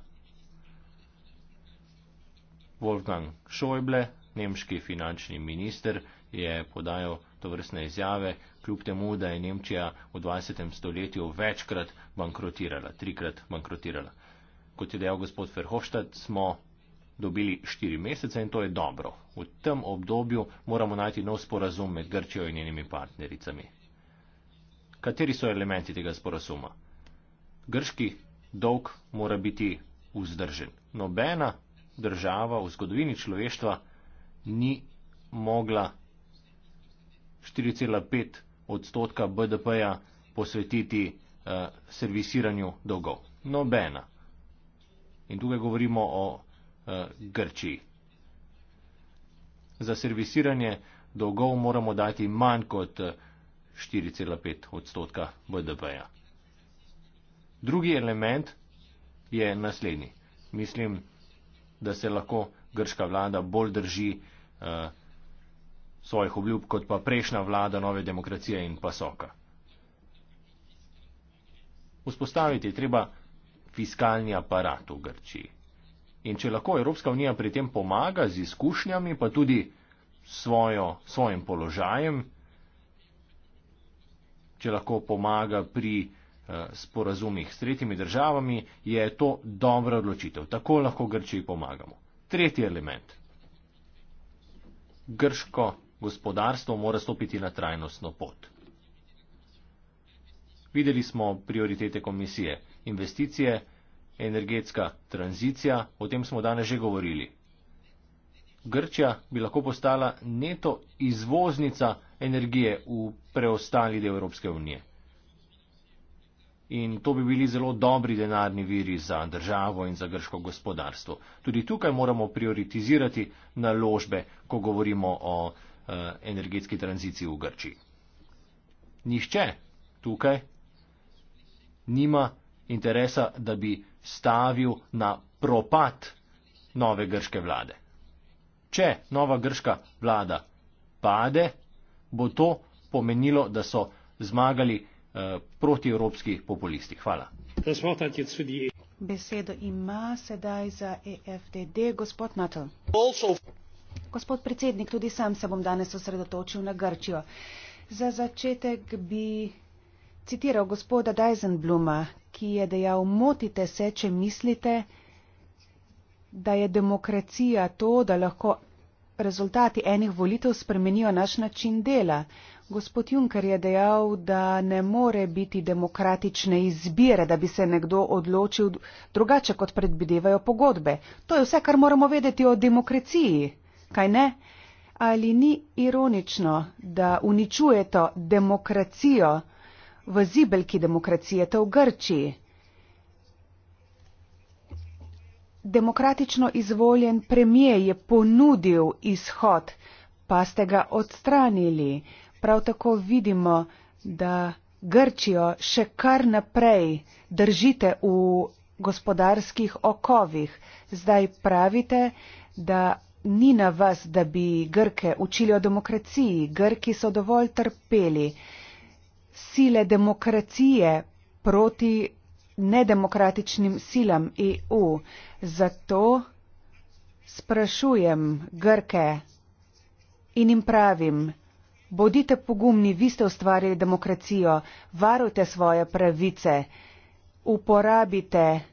Wolfgang Schäuble, nemški finančni minister, je podajal to vrstne izjave, kljub temu, da je Nemčija v 20. stoletju večkrat bankrotirala, trikrat bankrotirala. Kot je dejal gospod Verhofstadt, smo dobili štiri mesece in to je dobro. V tem obdobju moramo najti nov sporazum med Grčijo in njenimi partnericami. Kateri so elementi tega sporazuma? Grški dolg mora biti vzdržen. Nobena država v zgodovini človeštva ni mogla odstotka BDP-ja posvetiti eh, servisiranju dolgov. Nobena. In tukaj govorimo o eh, Grčiji. Za servisiranje dolgov moramo dati manj kot 4,5 eh, odstotka BDP-ja. Drugi element je naslednji. Mislim, da se lahko grška vlada bolj drži eh, svojih obljub kot pa prejšnja vlada nove demokracije in pasoka. Vzpostaviti je treba fiskalni aparat v Grčiji. In če lahko Evropska unija pri tem pomaga z izkušnjami, pa tudi svojo, svojim položajem, če lahko pomaga pri eh, sporazumih s tretjimi državami, je to dobra odločitev. Tako lahko Grčiji pomagamo. Tretji element. Grško gospodarstvo mora stopiti na trajnostno pot. Videli smo prioritete komisije. Investicije, energetska tranzicija, o tem smo danes že govorili. Grčija bi lahko postala neto izvoznica energije v preostali del Evropske unije. In to bi bili zelo dobri denarni viri za državo in za grško gospodarstvo. Tudi tukaj moramo prioritizirati naložbe, ko govorimo o Eh, energetski tranziciji v Grčiji. Nihče tukaj nima interesa, da bi stavil na propad nove grške vlade. Če nova grška vlada pade, bo to pomenilo, da so zmagali eh, proti evropski populisti. Hvala. Besedo ima sedaj za EFDD gospod Natal. Gospod predsednik, tudi sam se bom danes osredotočil na Grčijo. Za začetek bi citiral gospoda Dajzenbluma, ki je dejal, motite se, če mislite, da je demokracija to, da lahko rezultati enih volitev spremenijo naš način dela. Gospod Juncker je dejal, da ne more biti demokratične izbire, da bi se nekdo odločil drugače, kot predvidevajo pogodbe. To je vse, kar moramo vedeti o demokraciji kaj ne? Ali ni ironično, da uničujete demokracijo v zibelki demokracije, to v Grčiji? Demokratično izvoljen premijer je ponudil izhod, pa ste ga odstranili. Prav tako vidimo, da Grčijo še kar naprej držite v gospodarskih okovih. Zdaj pravite, da ni na vas, da bi Grke učili o demokraciji. Grki so dovolj trpeli. Sile demokracije proti nedemokratičnim silam EU. Zato sprašujem Grke in jim pravim, bodite pogumni, vi ste ustvarili demokracijo, varujte svoje pravice, uporabite demokracijo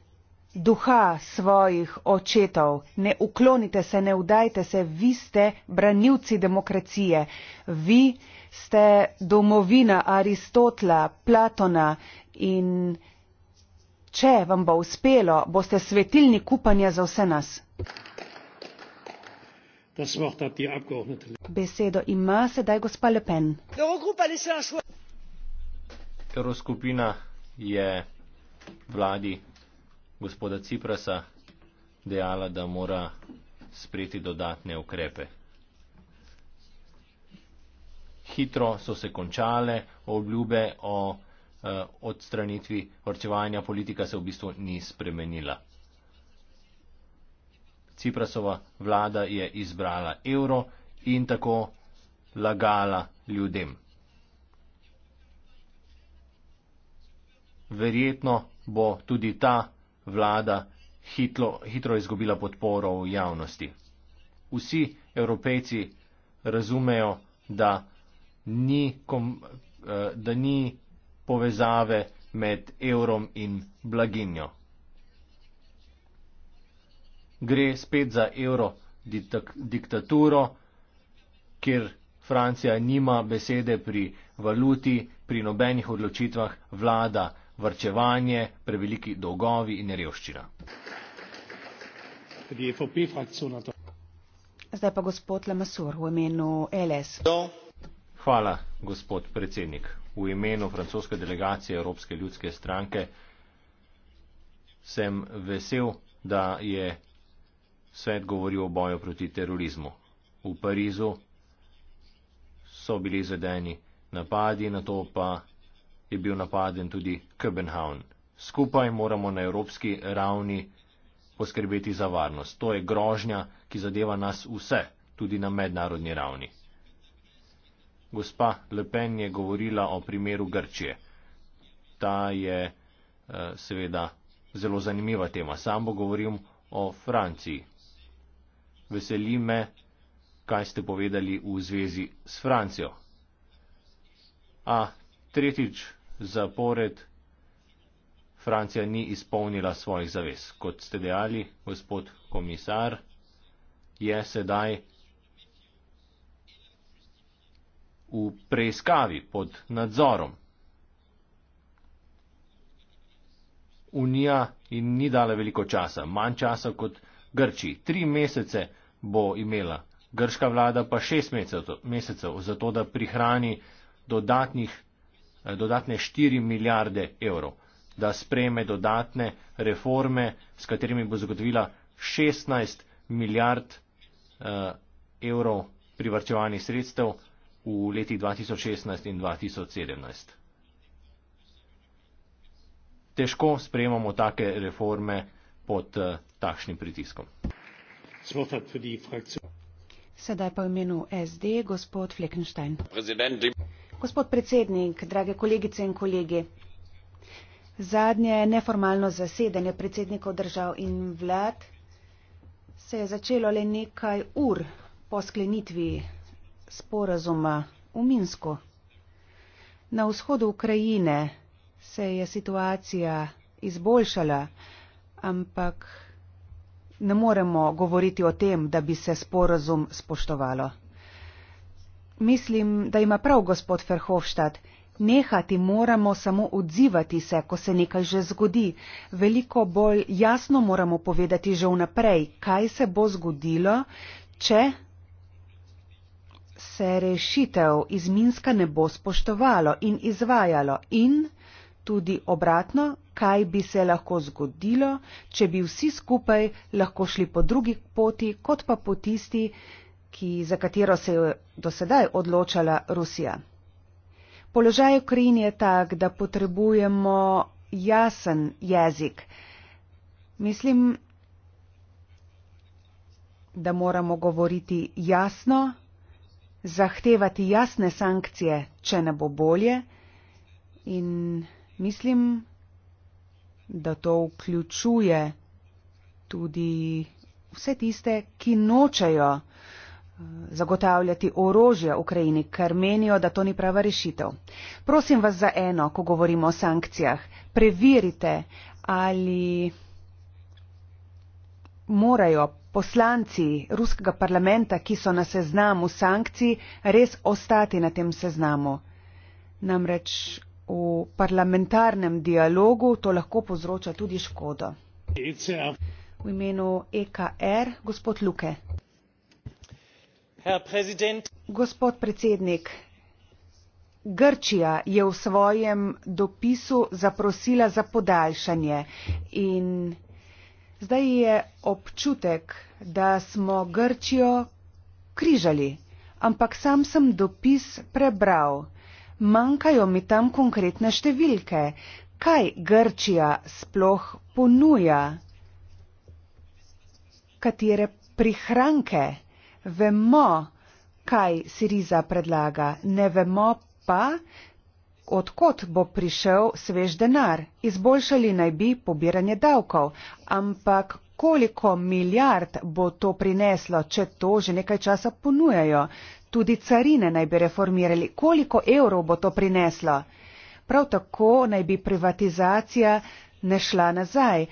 duha svojih očetov, ne uklonite se, ne vdajte se, vi ste branilci demokracije, vi ste domovina Aristotla, Platona in če vam bo uspelo, boste svetilni kupanja za vse nas. Besedo ima sedaj gospa Le Pen. Evroskupina je vladi gospoda Ciprasa dejala, da mora sprejeti dodatne ukrepe. Hitro so se končale obljube o eh, odstranitvi vrčevanja, politika se v bistvu ni spremenila. Ciprasova vlada je izbrala evro in tako lagala ljudem. Verjetno bo tudi ta vlada hitlo, hitro izgubila podporo v javnosti. Vsi evropejci razumejo, da ni, kom, eh, da ni povezave med evrom in blaginjo. Gre spet za evro diktaturo, kjer Francija nima besede pri valuti, pri nobenih odločitvah vlada vrčevanje, preveliki dolgovi in revščina. E Zdaj pa gospod Lemasur v imenu LS. No. Hvala, gospod predsednik. V imenu francoske delegacije Evropske ljudske stranke sem vesel, da je svet govoril o boju proti terorizmu. V Parizu so bili izvedeni napadi, na to pa je bil napaden tudi Kopenhavn. Skupaj moramo na evropski ravni poskrbeti za varnost. To je grožnja, ki zadeva nas vse, tudi na mednarodni ravni. Gospa Le Pen je govorila o primeru Grčije. Ta je eh, seveda zelo zanimiva tema. Sam bo govoril o Franciji. Veseli me, kaj ste povedali v zvezi s Francijo. A tretjič zapored Francija ni izpolnila svojih zavez. Kot ste dejali, gospod komisar, je sedaj v preiskavi pod nadzorom. Unija jim ni dala veliko časa, manj časa kot Grči. Tri mesece bo imela grška vlada, pa šest mesecev, mesecev za to, da prihrani dodatnih Eh, dodatne 4 milijarde evrov, da spreme dodatne reforme, s katerimi bo zagotovila 16 milijard eh, evrov privrčevanih sredstev v letih 2016 in 2017. Težko sprejemamo take reforme pod eh, takšnim pritiskom. Sedaj pa v imenu SD gospod Fleckenstein. Predsednik. Gospod predsednik, drage kolegice in kolegi, zadnje neformalno zasedanje predsednikov držav in vlad se je začelo le nekaj ur po sklenitvi sporazuma v Minsku. Na vzhodu Ukrajine se je situacija izboljšala, ampak ne moremo govoriti o tem, da bi se sporazum spoštovalo. Mislim, da ima prav gospod Ferhofštad. Nehati moramo samo odzivati se, ko se nekaj že zgodi. Veliko bolj jasno moramo povedati že vnaprej, kaj se bo zgodilo, če se rešitev iz Minska ne bo spoštovalo in izvajalo in tudi obratno, kaj bi se lahko zgodilo, če bi vsi skupaj lahko šli po drugi poti, kot pa po tisti, ki, za katero se je do sedaj odločala Rusija. Položaj Ukrajine je tak, da potrebujemo jasen jezik. Mislim, da moramo govoriti jasno, zahtevati jasne sankcije, če ne bo bolje. In mislim, da to vključuje tudi vse tiste, ki nočajo zagotavljati orožje Ukrajini, ker menijo, da to ni prava rešitev. Prosim vas za eno, ko govorimo o sankcijah. Preverite, ali morajo poslanci ruskega parlamenta, ki so na seznamu sankcij, res ostati na tem seznamu. Namreč v parlamentarnem dialogu to lahko povzroča tudi škodo. V imenu EKR, gospod Luke gospod predsednik grčija je v svojem dopisu zaprosila za podaljšanje in zdaj je občutek da smo grčijo križali ampak sam sem dopis prebral manjkajo mi tam konkretne številke kaj grčija sploh ponuja katere prihranke vemo, kaj Siriza predlaga, ne vemo pa, odkot bo prišel svež denar. Izboljšali naj bi pobiranje davkov, ampak koliko milijard bo to prineslo, če to že nekaj časa ponujajo? Tudi carine naj bi reformirali. Koliko evrov bo to prineslo? Prav tako naj bi privatizacija ne šla nazaj.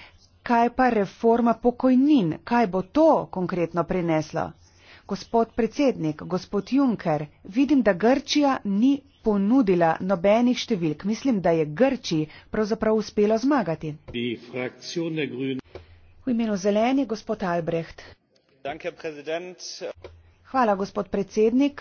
Kaj pa reforma pokojnin? Kaj bo to konkretno prineslo? Gospod predsednik, gospod Juncker, vidim, da Grčija ni ponudila nobenih številk. Mislim, da je Grčiji pravzaprav uspelo zmagati. V imenu zeleni, gospod Albrecht. Hvala, gospod predsednik.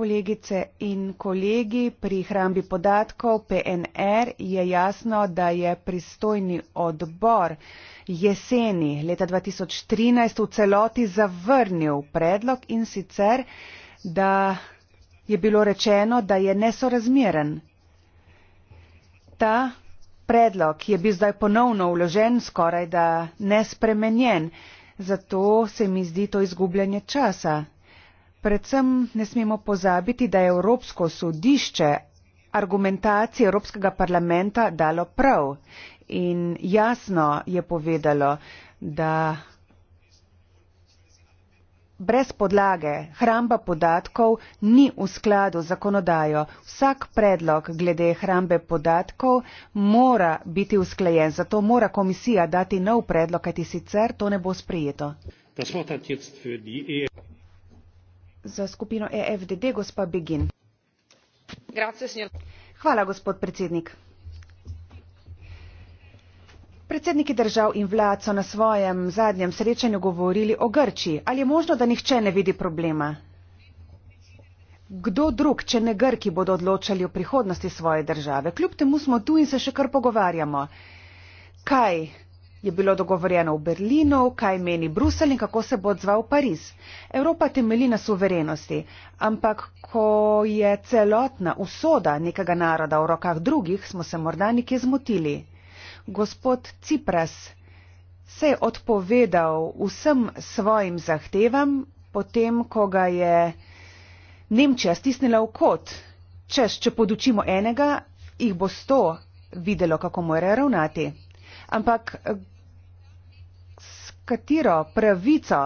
kolegice in kolegi, pri hrambi podatkov PNR je jasno, da je pristojni odbor jeseni leta 2013 v celoti zavrnil predlog in sicer, da je bilo rečeno, da je nesorazmeren. Ta predlog je bil zdaj ponovno vložen, skoraj da nespremenjen. Zato se mi zdi to izgubljanje časa. Predvsem ne smemo pozabiti, da je Evropsko sodišče argumentaciji Evropskega parlamenta dalo prav in jasno je povedalo, da brez podlage hramba podatkov ni v skladu z zakonodajo. Vsak predlog glede hrambe podatkov mora biti usklajen, zato mora komisija dati nov predlog, kajti sicer to ne bo sprejeto. E hvala gospod predsednik predsedniki držav in vlad so na svojem zadnjem srečanju govorili o grčiji ali je možno da nihče ne vidi problema kdo drug če ne grki bodo odločali o prihodnosti svoje države kljub temu smo tu in se še kar pogovarjamo kaj je bilo dogovorjeno v Berlinu, kaj meni Bruselj in kako se bo odzval Pariz. Evropa temelji na suverenosti, ampak ko je celotna usoda nekega naroda v rokah drugih, smo se morda nekje zmotili. Gospod Cipras se je odpovedal vsem svojim zahtevam, potem ko ga je Nemčija stisnila v kot. Češ, če podučimo enega, jih bo sto videlo, kako morajo ravnati. Ampak katero pravico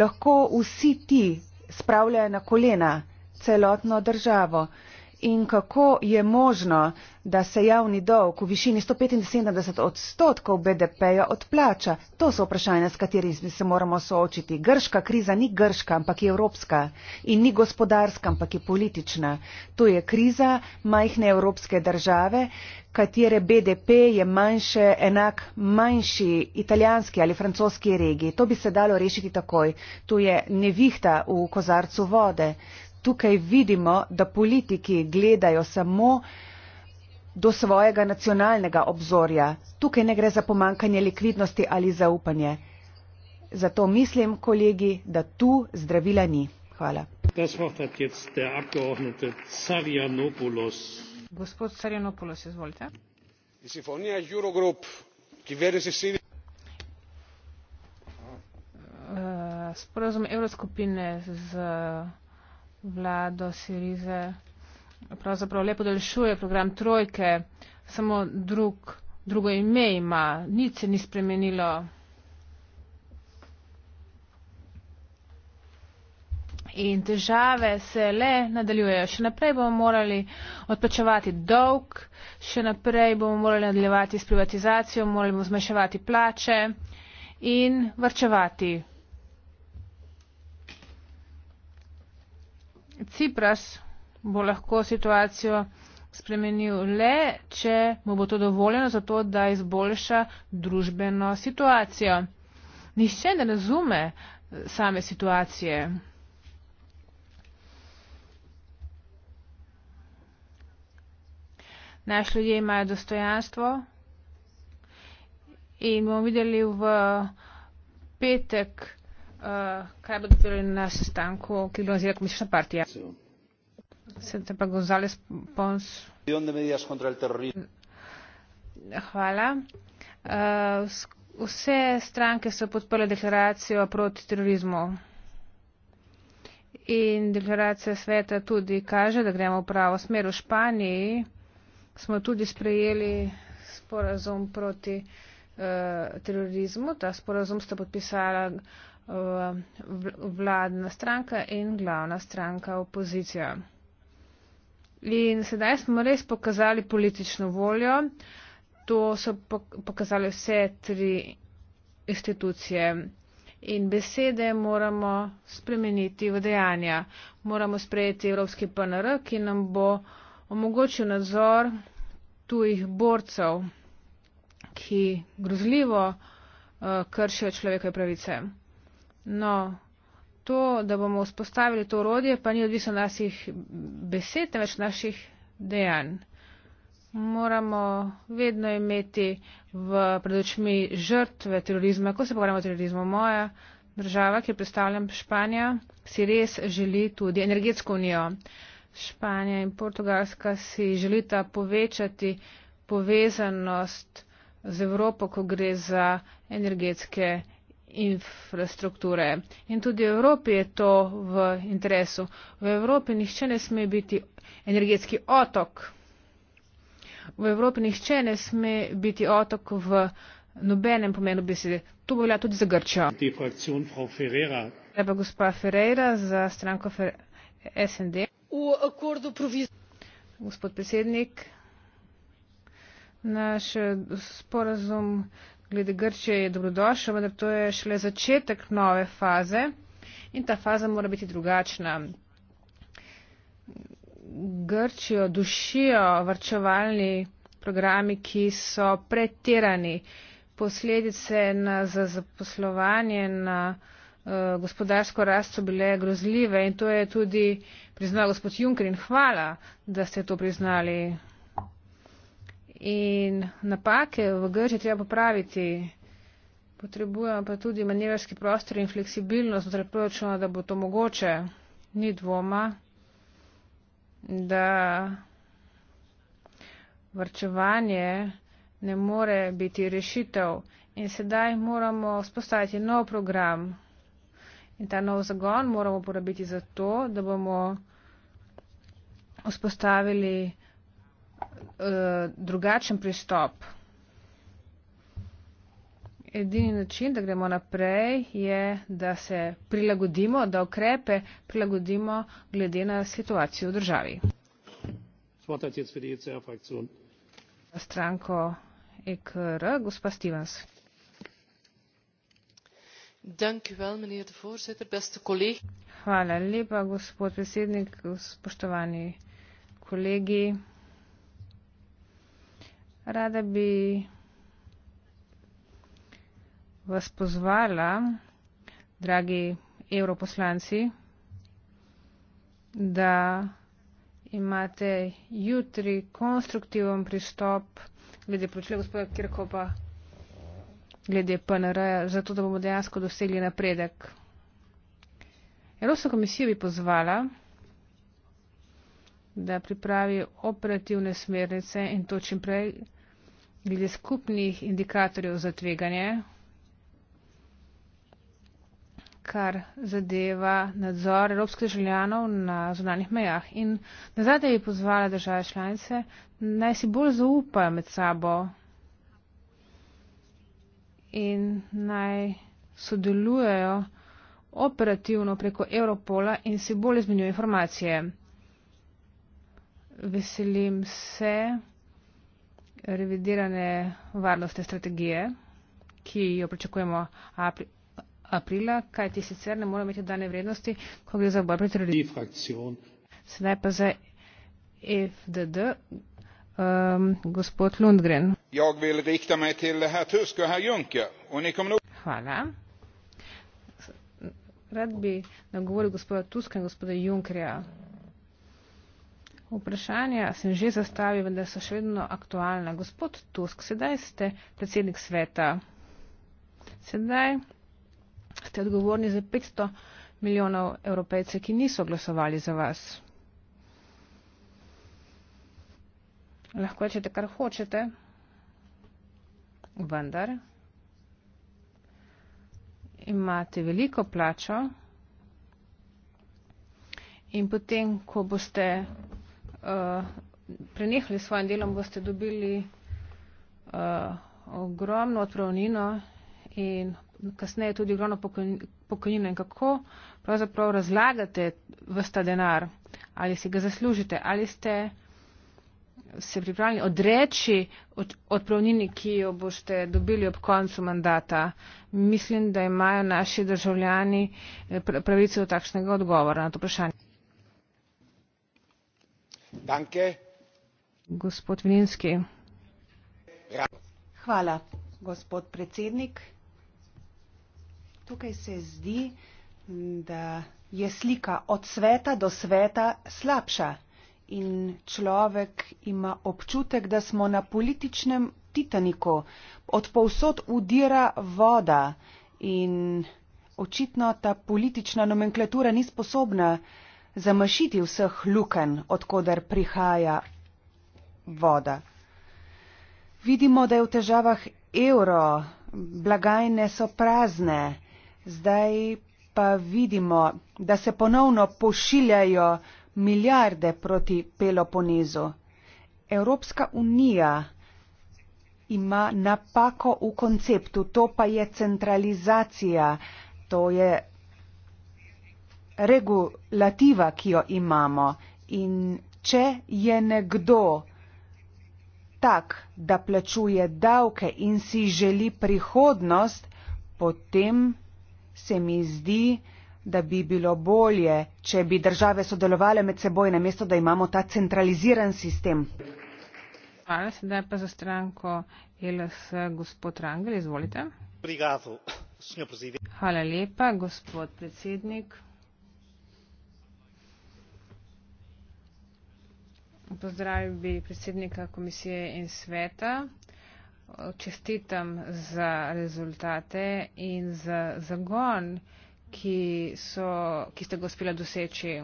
lahko vsi ti spravljajo na kolena celotno državo in kako je možno, da se javni dolg v višini 175 odstotkov BDP-ja odplača. To so vprašanja, s katerimi se moramo soočiti. Grška kriza ni grška, ampak je evropska in ni gospodarska, ampak je politična. To je kriza majhne evropske države, katere BDP je manjše, enak manjši italijanski ali francoski regiji. To bi se dalo rešiti takoj. To je nevihta v kozarcu vode tukaj vidimo, da politiki gledajo samo do svojega nacionalnega obzorja. Tukaj ne gre za pomankanje likvidnosti ali zaupanje. Zato mislim, kolegi, da tu zdravila ni. Hvala. Gospod Sarjanopoulos, izvolite. Sporazum Evroskupine z vlado Sirize pravzaprav lepo delšuje program Trojke, samo drug, drugo ime ima, nič se ni spremenilo. In težave se le nadaljujejo. Še naprej bomo morali odplačevati dolg, še naprej bomo morali nadaljevati s privatizacijo, morali bomo zmanjševati plače in vrčevati. Cipras bo lahko situacijo spremenil le, če mu bo to dovoljeno za to, da izboljša družbeno situacijo. Nihče ne razume eh, same situacije. Naš ljudje imajo dostojanstvo in bomo videli v petek Eh, kaj bodo delali na sestanku, ki ga organizira komisična partija. Sedaj pa Gonzales Pons. Hvala. Eh, vse stranke so podprle deklaracijo proti terorizmu. In deklaracija sveta tudi kaže, da gremo v pravo smer. V Španiji smo tudi sprejeli sporazum proti uh, terorizmu. Ta sporazum sta podpisala uh, vladna stranka in glavna stranka opozicija. In sedaj smo res pokazali politično voljo. To so pokazali vse tri institucije. In besede moramo spremeniti v dejanja. Moramo sprejeti Evropski PNR, ki nam bo omogočil nadzor tujih borcev, ki grozljivo uh, kršijo človekove pravice. No, to, da bomo vzpostavili to urodje, pa ni odvisno naših besed, temveč naših dejanj. Moramo vedno imeti v pred očmi žrtve terorizma. Ko se pogovarjamo o terorizmu, moja država, ki jo predstavljam Španija, si res želi tudi energetsko unijo. Španija in Portugalska si želita povečati povezanost z Evropo, ko gre za energetske infrastrukture. In tudi Evropi je to v interesu. V Evropi nihče ne sme biti energetski otok. V Evropi nihče ne sme biti otok v nobenem pomenu besede. To velja tudi za Grčijo. Lepa gospa Ferreira za stranko Fer SND. Gospod predsednik, naš eh, sporazum glede Grčije je dobrodošel, vendar to je šele začetek nove faze in ta faza mora biti drugačna. Grčijo dušijo varčevalni programi, ki so pretirani. Posledice na, za zaposlovanje na uh, gospodarsko rast so bile grozljive in to je tudi priznal gospod Juncker in hvala, da ste to priznali in napake v Grči treba popraviti. Potrebujemo pa tudi manjeverski prostor in fleksibilnost znotraj proračuna, da bo to mogoče. Ni dvoma, da vrčevanje ne more biti rešitev. In sedaj moramo spostaviti nov program. In ta nov zagon moramo porabiti za to, da bomo vzpostavili uh, drugačen pristop. Edini način, da gremo naprej, je, da se prilagodimo, da okrepe prilagodimo glede na situacijo v državi. E Stranko EKR, gospa Stevens. Hvala lepa, gospod predsednik, spoštovani kolegi. Rada bi vas pozvala, dragi europoslanci, da imate jutri konstruktiven pristop glede počle gospoda Kirkopa, glede PNR-ja, zato da bomo dejansko dosegli napredek. Evropska komisija bi pozvala, da pripravi operativne smernice in to čimprej. prej glede skupnih indikatorjev za tveganje, kar zadeva nadzor evropskih državljanov na zunanjih mejah. In nazadnje je pozvala države članice, naj si bolj zaupajo med sabo in naj sodelujejo operativno preko Europola in si bolj izmenjujejo informacije. Veselim se revidirane varnostne strategije, ki jo pričakujemo apri, aprila, kaj ti sicer ne more imeti dane vrednosti, ko gre za boj proti terorizmu. Sedaj pa za FDD. Um, gospod Lundgren. Hvala. Rad bi nagovoril gospoda Tuska in gospoda Junkerja. Vprašanja sem že zastavil, vendar so še vedno aktualna. Gospod Tusk, sedaj ste predsednik sveta. Sedaj ste odgovorni za 500 milijonov evropejcev, ki niso glasovali za vas. Lahko rečete, kar hočete, vendar imate veliko plačo in potem, ko boste Eh, prenehali s svojim delom, boste dobili uh, ogromno odpravnino in kasneje tudi ogromno pokojnino. In kako pravzaprav razlagate vsta denar, ali si ga zaslužite, ali ste se pripravljeni odreči od, odpravnini, ki jo boste dobili ob koncu mandata. Mislim, da imajo naši državljani eh, pravico takšnega odgovora na to vprašanje. Hvala, gospod predsednik. Tukaj se zdi, da je slika od sveta do sveta slabša in človek ima občutek, da smo na političnem Titaniku. Od povsod udira voda in očitno ta politična nomenklatura ni sposobna zamašiti vseh luken, odkudar prihaja voda. Vidimo, da je v težavah evro, blagajne so prazne, zdaj pa vidimo, da se ponovno pošiljajo milijarde proti Peloponezu. Evropska unija ima napako v konceptu, to pa je centralizacija, to je regulativa, ki jo imamo in če je nekdo tak, da plačuje davke in si želi prihodnost, potem se mi zdi, da bi bilo bolje, če bi države sodelovale med seboj, namesto da imamo ta centraliziran sistem. Hvala, sedaj pa za stranko LS gospod Rangel, izvolite. Hvala lepa, gospod predsednik. Pozdravljeni predsednika komisije in sveta. Čestitam za rezultate in za zagon, ki, so, ki ste ga uspela doseči.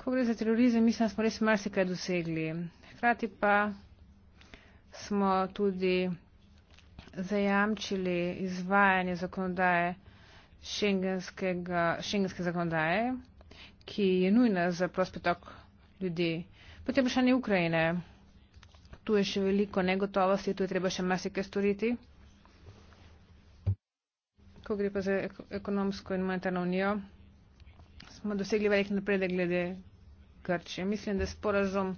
Ko gre za terorizem, mislim, da smo res marsikaj dosegli. Hkrati pa smo tudi zajamčili izvajanje zakonodaje šengenske zakonodaje, ki je nujna za prost pretok ljudi. Potem vprašanje Ukrajine. Tu je še veliko negotovosti, tu je treba še marsikaj storiti. Ko gre pa za ekonomsko in monetarno unijo, smo dosegli velik napredek glede Grčije. Mislim, da je sporazum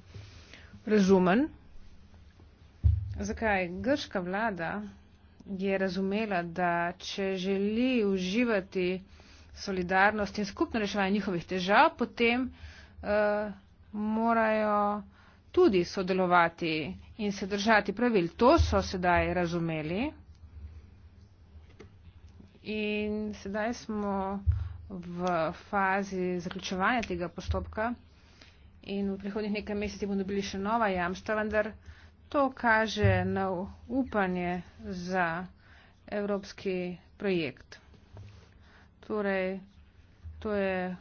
razumen. Zakaj? Grška vlada je razumela, da če želi uživati solidarnost in skupno reševanje njihovih težav, potem uh, morajo tudi sodelovati in se držati pravil. To so sedaj razumeli. In sedaj smo v fazi zaključevanja tega postopka in v prihodnih nekaj mesecih bomo dobili še nova jamstva, vendar to kaže na upanje za evropski projekt. Torej, to je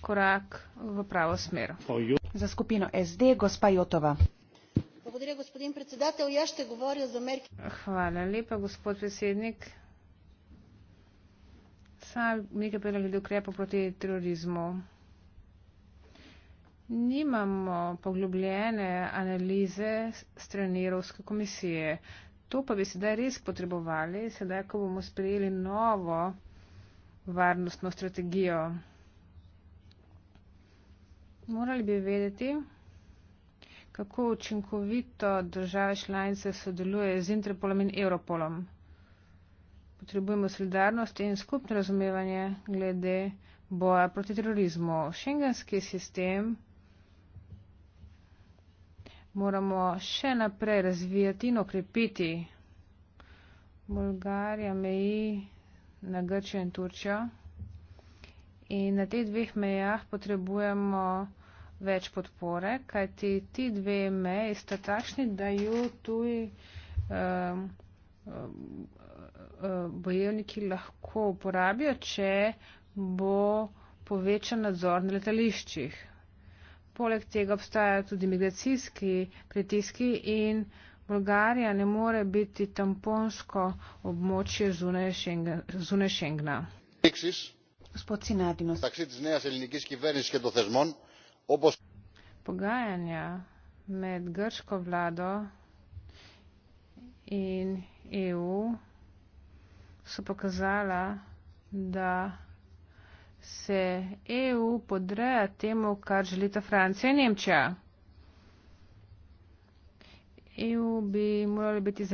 korak v pravo smer za skupino SD gospa Jotova. Благодаря, господин председател. Я ще говоря за мерки. Хваля липа, господ председник. Са мика пенали до крепа против тероризму. Нимамо поглюблене анализе страни Руска комисия. To pa bi sedaj res potrebovali, sedaj, ko bomo sprejeli novo varnostno strategijo. Morali bi vedeti, kako učinkovito države članice sodeluje z Interpolom in Europolom. Potrebujemo solidarnost in skupno razumevanje glede boja proti terorizmu. Šengenski sistem moramo še naprej razvijati in okrepiti. Bolgarija meji na Grčijo in Turčijo. In na teh dveh mejah potrebujemo več podpore, kajti ti dve meji sta takšni, da ju tuji um, um, um, bojevniki lahko uporabijo, če bo povečan nadzor na letališčih. Poleg tega obstajajo tudi migracijski pritiski in Bolgarija ne more biti tamponsko območje zunaj Šengna. Gospod Sinadinos obos... Pogajanja med grško vlado in EU so pokazala, da se EU podreja temu, kar želita Francija in Nemčija. EU bi morali biti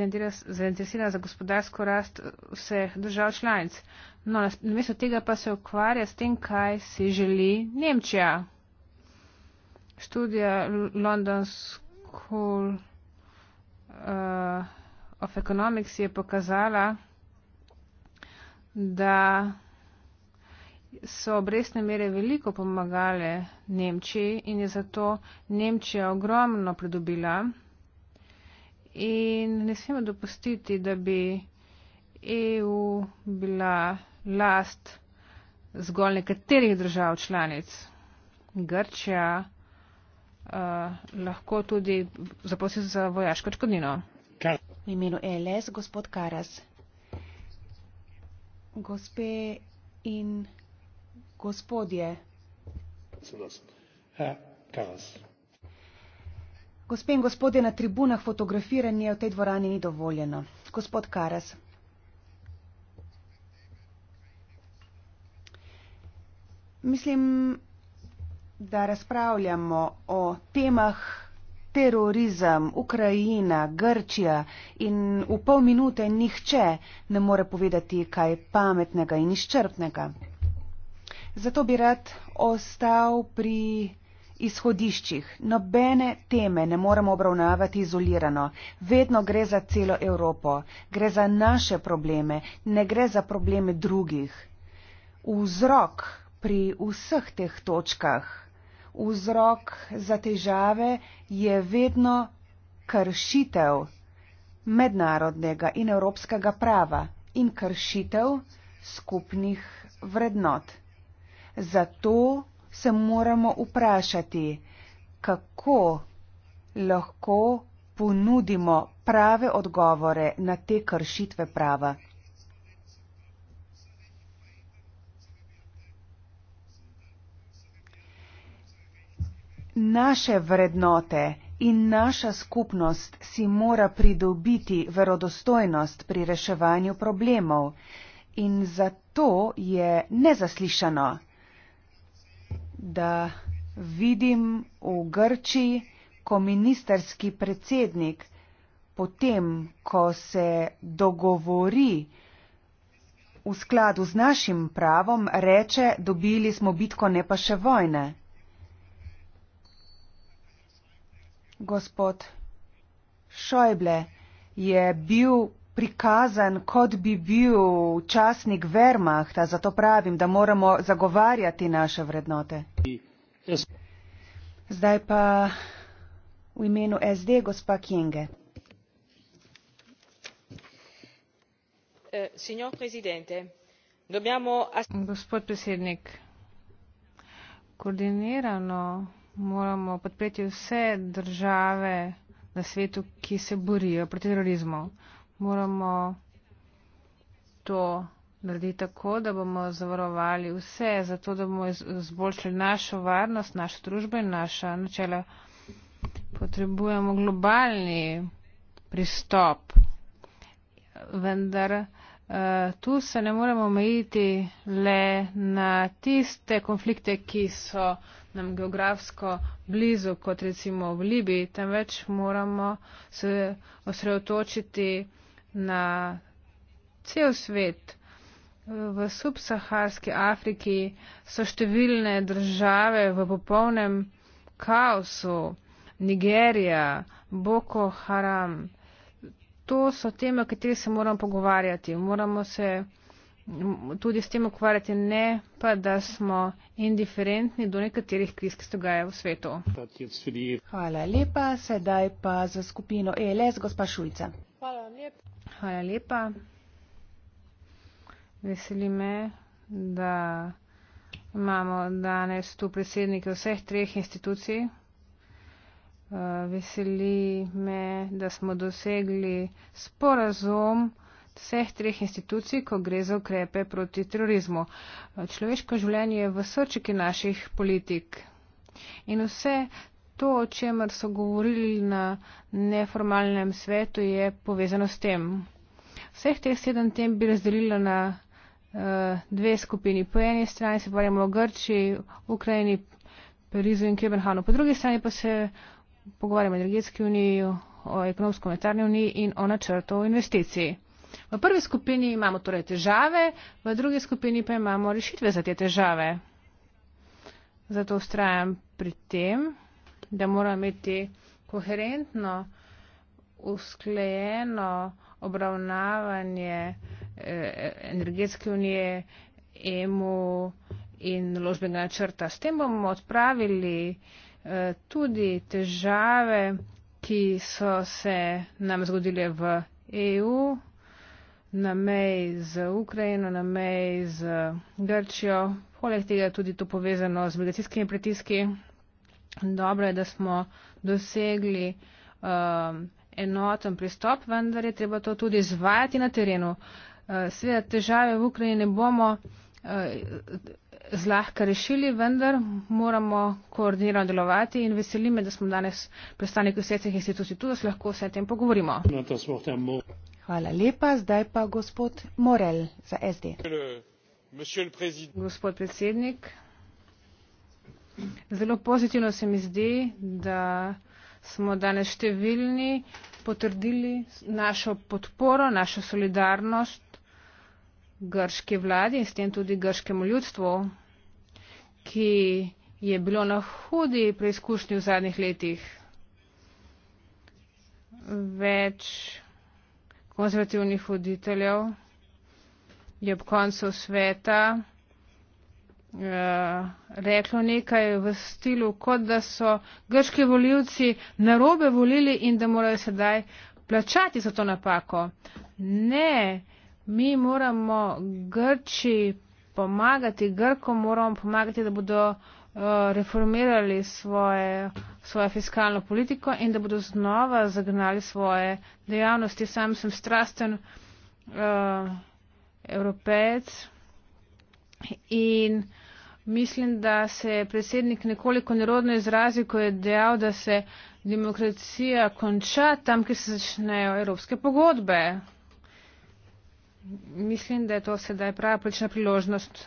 zainteresirani za gospodarsko rast vseh držav članic. No, namesto tega pa se ukvarja s tem, kaj si želi Nemčija študija London School uh, of Economics je pokazala, da so obrestne mere veliko pomagale Nemčiji in je zato Nemčija ogromno pridobila. In ne smemo dopustiti, da bi EU bila last zgolj nekaterih držav članic. Grčija, Eh, lahko tudi zaprosil za vojaško odškodnino. V imenu e LS, gospod Karas. Gospe in gospodje. Eh, Karas. Gospe in gospodje, na tribunah fotografiranje v tej dvorani ni dovoljeno. Gospod Karas. Mislim, da razpravljamo o temah terorizem, Ukrajina, Grčija in v pol minute nihče ne more povedati kaj pametnega in izčrpnega. Zato bi rad ostal pri izhodiščih. Nobene teme ne moremo obravnavati izolirano. Vedno gre za celo Evropo. Gre za naše probleme, ne gre za probleme drugih. Vzrok pri vseh teh točkah. Vzrok za težave je vedno kršitev mednarodnega in evropskega prava in kršitev skupnih vrednot. Zato se moramo vprašati, kako lahko ponudimo prave odgovore na te kršitve prava. naše vrednote in naša skupnost si mora pridobiti verodostojnost pri reševanju problemov in zato je nezaslišano, da vidim v Grčiji, ko ministerski predsednik potem, ko se dogovori v skladu z našim pravom, reče, dobili smo bitko, ne pa še vojne. gospod Šojble je bil prikazan, kot bi bil časnik Wehrmachta, zato pravim, da moramo zagovarjati naše vrednote. Zdaj pa v imenu SD gospa Kinge. Eh, gospod predsednik, koordinirano moramo podpreti vse države na svetu, ki se borijo proti terorizmu. Moramo to narediti tako, da bomo zavarovali vse, zato da bomo izboljšali našo varnost, našo družbo in naša načela. Potrebujemo globalni pristop, vendar uh, tu se ne moremo omejiti le na tiste konflikte, ki so nam geografsko blizu, kot recimo v Libiji, temveč moramo se osredotočiti na cel svet. V subsaharski Afriki so številne države v popolnem kaosu. Nigerija, Boko Haram. To so teme, o katerih se moramo pogovarjati. Moramo se tudi s tem ukvarjati, ne pa, da smo indiferentni do nekaterih kriz, ki se dogajajo v svetu. Hvala lepa, sedaj pa za skupino ELS, gospa Šuljca. Hvala lepa. Hvala lepa. Veseli me, da imamo danes tu predsednike vseh treh institucij. Eh, veseli me, da smo dosegli sporazum, vseh treh institucij, ko gre za ukrepe proti terorizmu. Človeško življenje je v srčiki naših politik. In vse to, o čemer so govorili na neformalnem svetu, je povezano s tem. Vseh teh sedem tem bi razdelila na uh, dve skupini. Po eni strani se pogovarjamo o Grči, Ukrajini, Parizu in Kebenhanu. Po drugi strani pa se pogovarjamo o energetski uniji, o ekonomsko-monetarni uniji in o načrtu investicij. V prvi skupini imamo torej težave, v drugi skupini pa imamo rešitve za te težave. Zato ustrajam pri tem, da moramo imeti koherentno, usklejeno obravnavanje eh, energetske unije, EMU in ložbenega načrta. S tem bomo odpravili eh, tudi težave, ki so se nam zgodile v EU na meji z Ukrajino, na meji z Grčijo. Poleg tega je tudi to povezano z migracijskimi pritiski. Dobro je, da smo dosegli uh, enoten pristop, vendar je treba to tudi izvajati na terenu. Uh, Sveda težave v Ukrajini ne bomo uh, zlahka rešili, vendar moramo koordinirano delovati in veselime, da smo danes predstavniki vseh institucij tu, da se lahko vse tem pogovorimo. No, Hvala lepa. Zdaj pa gospod Morel za SD. Gospod predsednik, zelo pozitivno se mi zdi, da smo danes številni potrdili našo podporo, našo solidarnost grški vladi in s tem tudi grškemu ljudstvu, ki je bilo na hudi preizkušnji v zadnjih letih. Več konzervativnih voditeljev je ob koncu sveta eh, reklo nekaj v stilu, kot da so grški voljivci narobe volili in da morajo sedaj plačati za to napako. Ne, mi moramo Grči pomagati, Grkom moramo pomagati, da bodo reformirali svoje, svojo fiskalno politiko in da bodo znova zagnali svoje dejavnosti. Sam sem strasten eh, evropejec in mislim, da se je predsednik nekoliko nerodno izrazil, ko je dejal, da se demokracija konča tam, kjer se začnejo evropske pogodbe. Mislim, da je to sedaj prava politična priložnost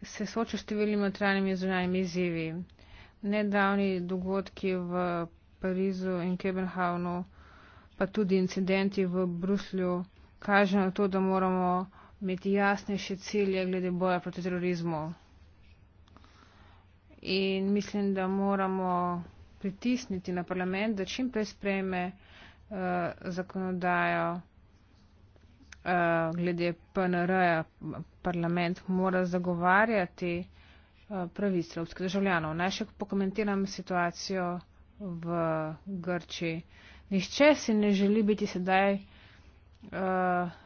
se soča s številnimi notranjimi zunanjimi izzivi. Nedavni dogodki v Parizu in Kebenhavnu, pa tudi incidenti v Bruslju, kažejo to, da moramo imeti jasnejše cilje glede boja proti terorizmu. In mislim, da moramo pritisniti na parlament, da čim prej sprejme uh, zakonodajo. Eh, glede PNR-ja parlament mora zagovarjati eh, pravi srbskih državljanov. Naj še pokomentiram situacijo v Grčiji. Nihče si ne želi biti sedaj eh,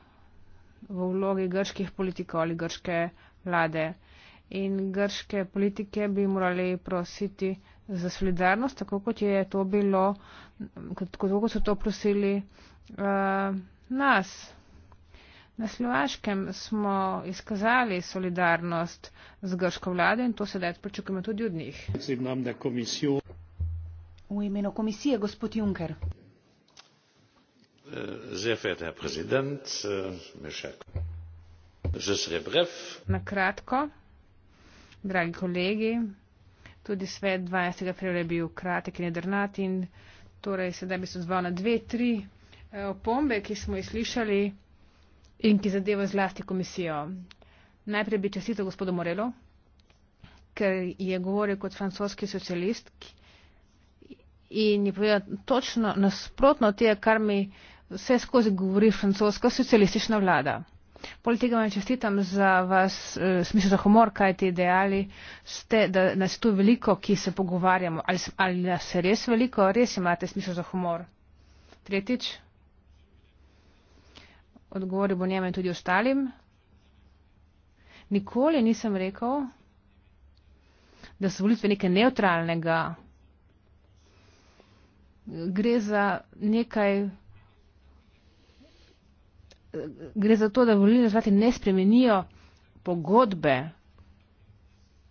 v vlogi grških politikov ali grške vlade. In grške politike bi morali prositi za solidarnost, tako kot je to bilo, kot, kot so to prosili uh, nas, Na Slovaškem smo izkazali solidarnost z grško vlado in to sedaj pričakujemo tudi od njih. V imenu komisije, gospod Juncker. Na kratko, dragi kolegi, tudi svet 12. februarja je bil kratek in jedrnat in torej sedaj bi se odzval na dve, tri eh, opombe, ki smo jih slišali in ki zadeva zlasti komisijo. Najprej bi čestitev gospodu Morelo, ker je govoril kot francoski socialist in je povedal točno nasprotno od tega, kar mi vse skozi govori francoska socialistična vlada. Poleg tega vam čestitam za vas e, eh, smisel za humor, kaj ti dejali, ste, da nas je tu veliko, ki se pogovarjamo. Ali, ali nas je res veliko, res imate smisel za humor. Tretjič odgovoril bo njemu in tudi ostalim. Nikoli nisem rekel, da so volitve nekaj neutralnega. Gre za nekaj, gre za to, da volilne zlati ne spremenijo pogodbe.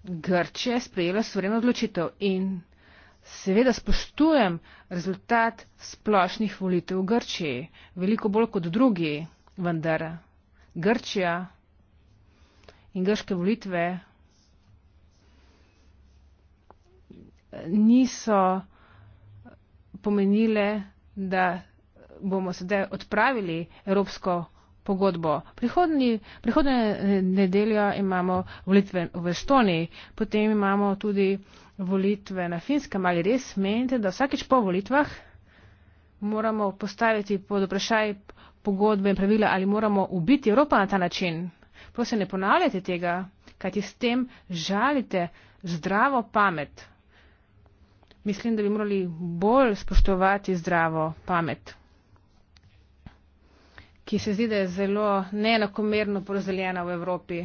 Grče sprejela suvereno odločitev in seveda spoštujem rezultat splošnih volitev v Grčiji, veliko bolj kot drugi vendar Grčija in grške volitve niso pomenile, da bomo sedaj odpravili Evropsko pogodbo. Prihodnjo nedeljo imamo volitve v Estoniji, potem imamo tudi volitve na Finskem. Ali res menite, da vsakeč po volitvah moramo postaviti pod vprašaj pogodbe in pravila ali moramo ubiti Evropa na ta način. Prosim, ne ponavljajte tega, kajti s tem žalite zdravo pamet. Mislim, da bi morali bolj spoštovati zdravo pamet, ki se zdi, da je zelo neenakomerno porazdeljena v Evropi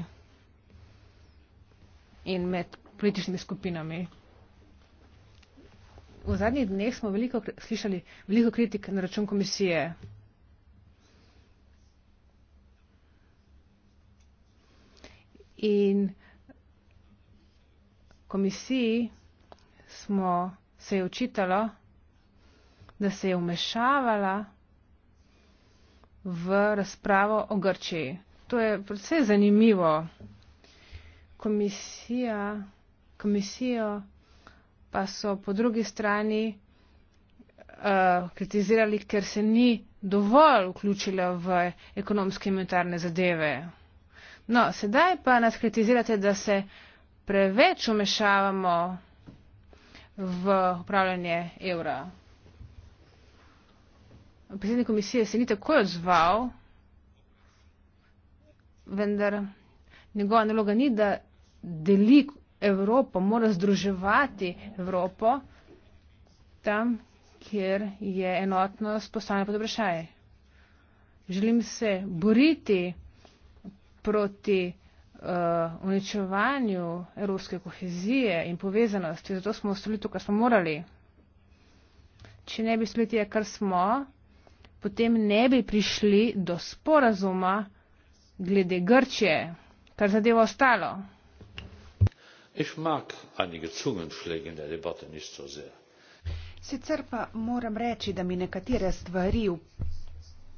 in med političnimi skupinami. V zadnjih dneh smo veliko slišali veliko kritik na račun komisije. In komisiji smo, se je očitalo, da se je umešavala v razpravo o Grčiji. To je predvsej zanimivo. Komisija, komisijo pa so po drugi strani uh, kritizirali, ker se ni dovolj vključila v ekonomske in monetarne zadeve. No, sedaj pa nas kritizirate, da se preveč umešavamo v upravljanje evra. Predsednik komisije se ni takoj odzval, vendar njegova naloga ni, da deli Evropo, mora združevati Evropo tam, kjer je enotnost postavljena pod vprašanje. Želim se boriti proti uh, uničevanju evropske kohezije in povezanosti. Zato smo ustali to, kar smo morali. Če ne bi ustali tega, kar smo, potem ne bi prišli do sporazuma glede Grčije, kar zadeva ostalo. Ich mag einige Zungenschläge in der Debatte nicht so sehr. Sicer pa moram reči, da mi nekatere stvari v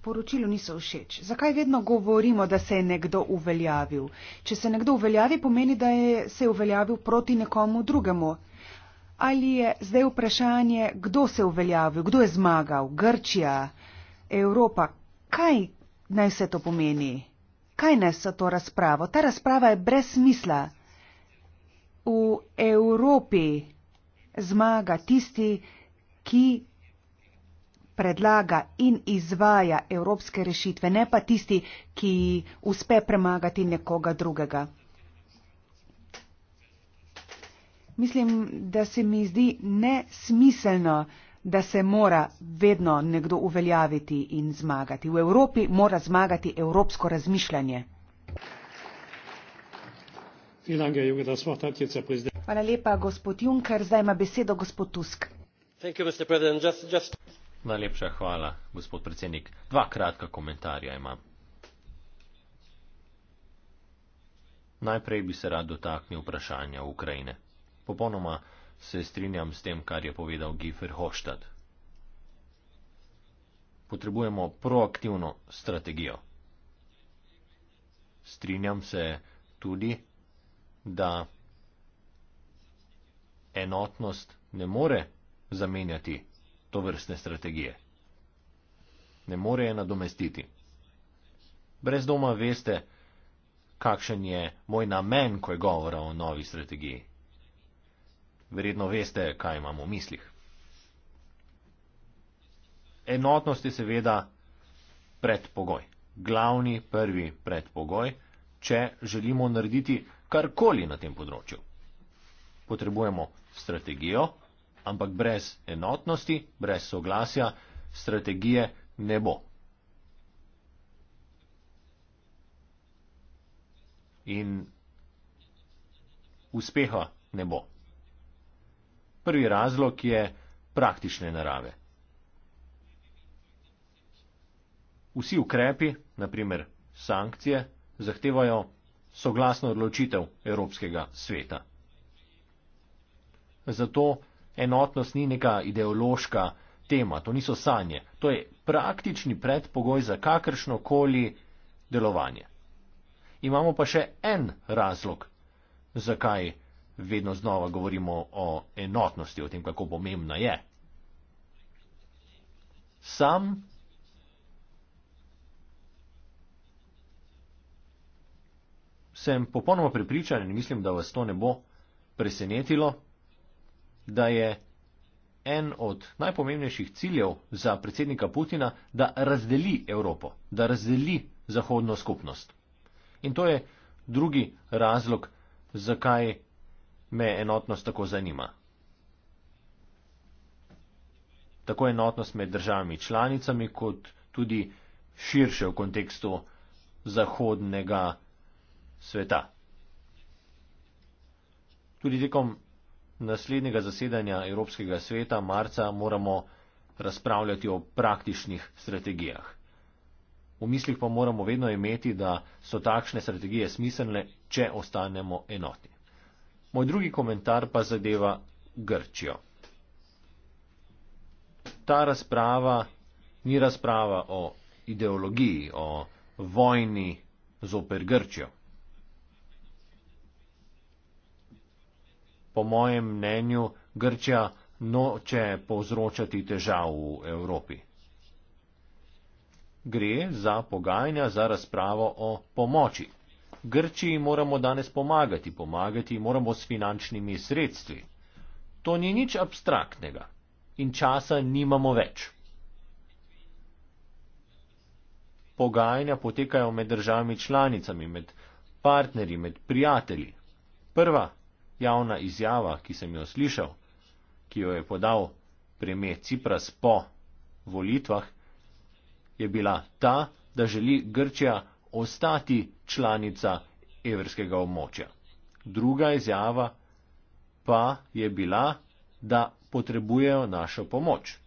poročilu niso všeč. Zakaj vedno govorimo, da se je nekdo uveljavil? Če se nekdo uveljavi, pomeni, da je se uveljavil proti nekomu drugemu. Ali je zdaj vprašanje, kdo se je uveljavil, kdo je zmagal? Grčija, Evropa, kaj naj vse to pomeni? Kaj naj se to razpravo? Ta razprava je brez smisla. V Evropi zmaga tisti, ki predlaga in izvaja evropske rešitve, ne pa tisti, ki uspe premagati nekoga drugega. Mislim, da se mi zdi nesmiselno, da se mora vedno nekdo uveljaviti in zmagati. V Evropi mora zmagati evropsko razmišljanje. Hvala lepa, gospod Juncker. Zdaj ima besedo gospod Tusk. You, just, just. Najlepša hvala, gospod predsednik. Dva kratka komentarja imam. Najprej bi se rad dotaknil vprašanja Ukrajine. Popolnoma se strinjam s tem, kar je povedal Giffer Hoštad. Potrebujemo proaktivno strategijo. Strinjam se tudi, da enotnost ne more zamenjati to vrstne strategije. Ne more je nadomestiti. Brez doma veste, kakšen je moj namen, ko je govora o novi strategiji. Verjetno veste, kaj imam v mislih. Enotnost je seveda predpogoj, glavni prvi predpogoj, če želimo narediti karkoli na tem področju. Potrebujemo strategijo, ampak brez enotnosti, brez soglasja, strategije ne bo. In uspeha ne bo. Prvi razlog je praktične narave. Vsi ukrepi, naprimer sankcije, zahtevajo soglasno odločitev Evropskega sveta. Zato enotnost ni neka ideološka tema, to niso sanje, to je praktični predpogoj za kakršno koli delovanje. Imamo pa še en razlog, zakaj vedno znova govorimo o enotnosti, o tem, kako pomembna je. Sam sem popolnoma prepričan in mislim, da vas to ne bo presenetilo da je en od najpomembnejših ciljev za predsednika Putina, da razdeli Evropo, da razdeli zahodno skupnost. In to je drugi razlog, zakaj me enotnost tako zanima. Tako enotnost med državami članicami, kot tudi širše v kontekstu zahodnega sveta. Tudi tekom naslednjega zasedanja Evropskega sveta marca moramo razpravljati o praktičnih strategijah. V mislih pa moramo vedno imeti, da so takšne strategije smiselne, če ostanemo enoti. Moj drugi komentar pa zadeva Grčijo. Ta razprava ni razprava o ideologiji, o vojni zoper Grčijo. po mojem mnenju, Grčija noče povzročati težav v Evropi. Gre za pogajanja za razpravo o pomoči. Grčiji moramo danes pomagati, pomagati moramo s finančnimi sredstvi. To ni nič abstraktnega in časa nimamo več. Pogajanja potekajo med državami članicami, med partnerji, med prijatelji. Prva javna izjava, ki sem jo slišal, ki jo je podal premijer Cipras po volitvah, je bila ta, da želi Grčija ostati članica evrskega območja. Druga izjava pa je bila, da potrebujejo našo pomoč.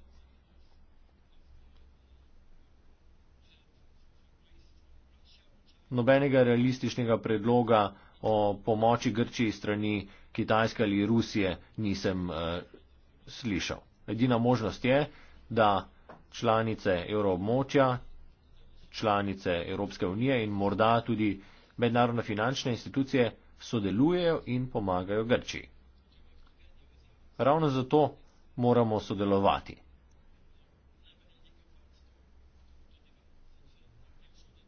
Nobenega realističnega predloga o pomoči Grčiji strani Kitajske ali Rusije nisem uh, slišal. Edina možnost je, da članice evroobmočja, članice Evropske unije in morda tudi mednarodne finančne institucije sodelujejo in pomagajo Grčiji. Ravno zato moramo sodelovati.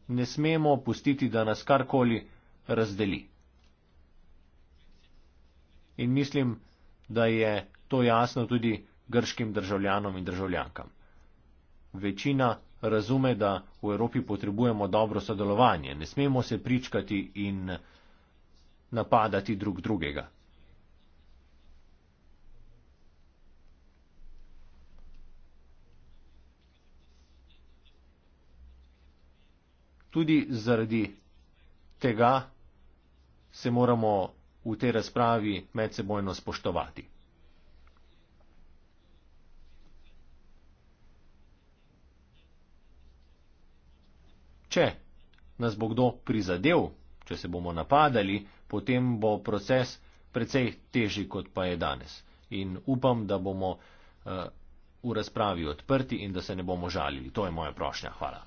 Ne smemo pustiti, da nas karkoli razdeli in mislim, da je to jasno tudi grškim državljanom in državljankam. Večina razume, da v Evropi potrebujemo dobro sodelovanje, ne smemo se pričkati in napadati drug drugega. Tudi zaradi tega se moramo v tej razpravi medsebojno spoštovati. Če nas bo kdo prizadel, če se bomo napadali, potem bo proces precej težji, kot pa je danes. In upam, da bomo uh, v razpravi odprti in da se ne bomo žalili. To je moja prošnja. Hvala.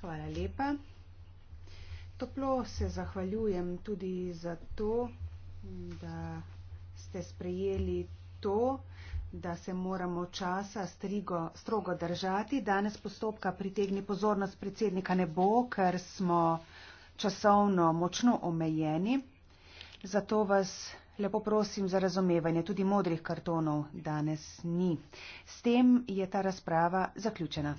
Hvala lepa. Toplo se zahvaljujem tudi za to, da ste sprejeli to, da se moramo časa strigo, strogo držati. Danes postopka pritegni pozornost predsednika ne bo, ker smo časovno močno omejeni. Zato vas lepo prosim za razumevanje. Tudi modrih kartonov danes ni. S tem je ta razprava zaključena.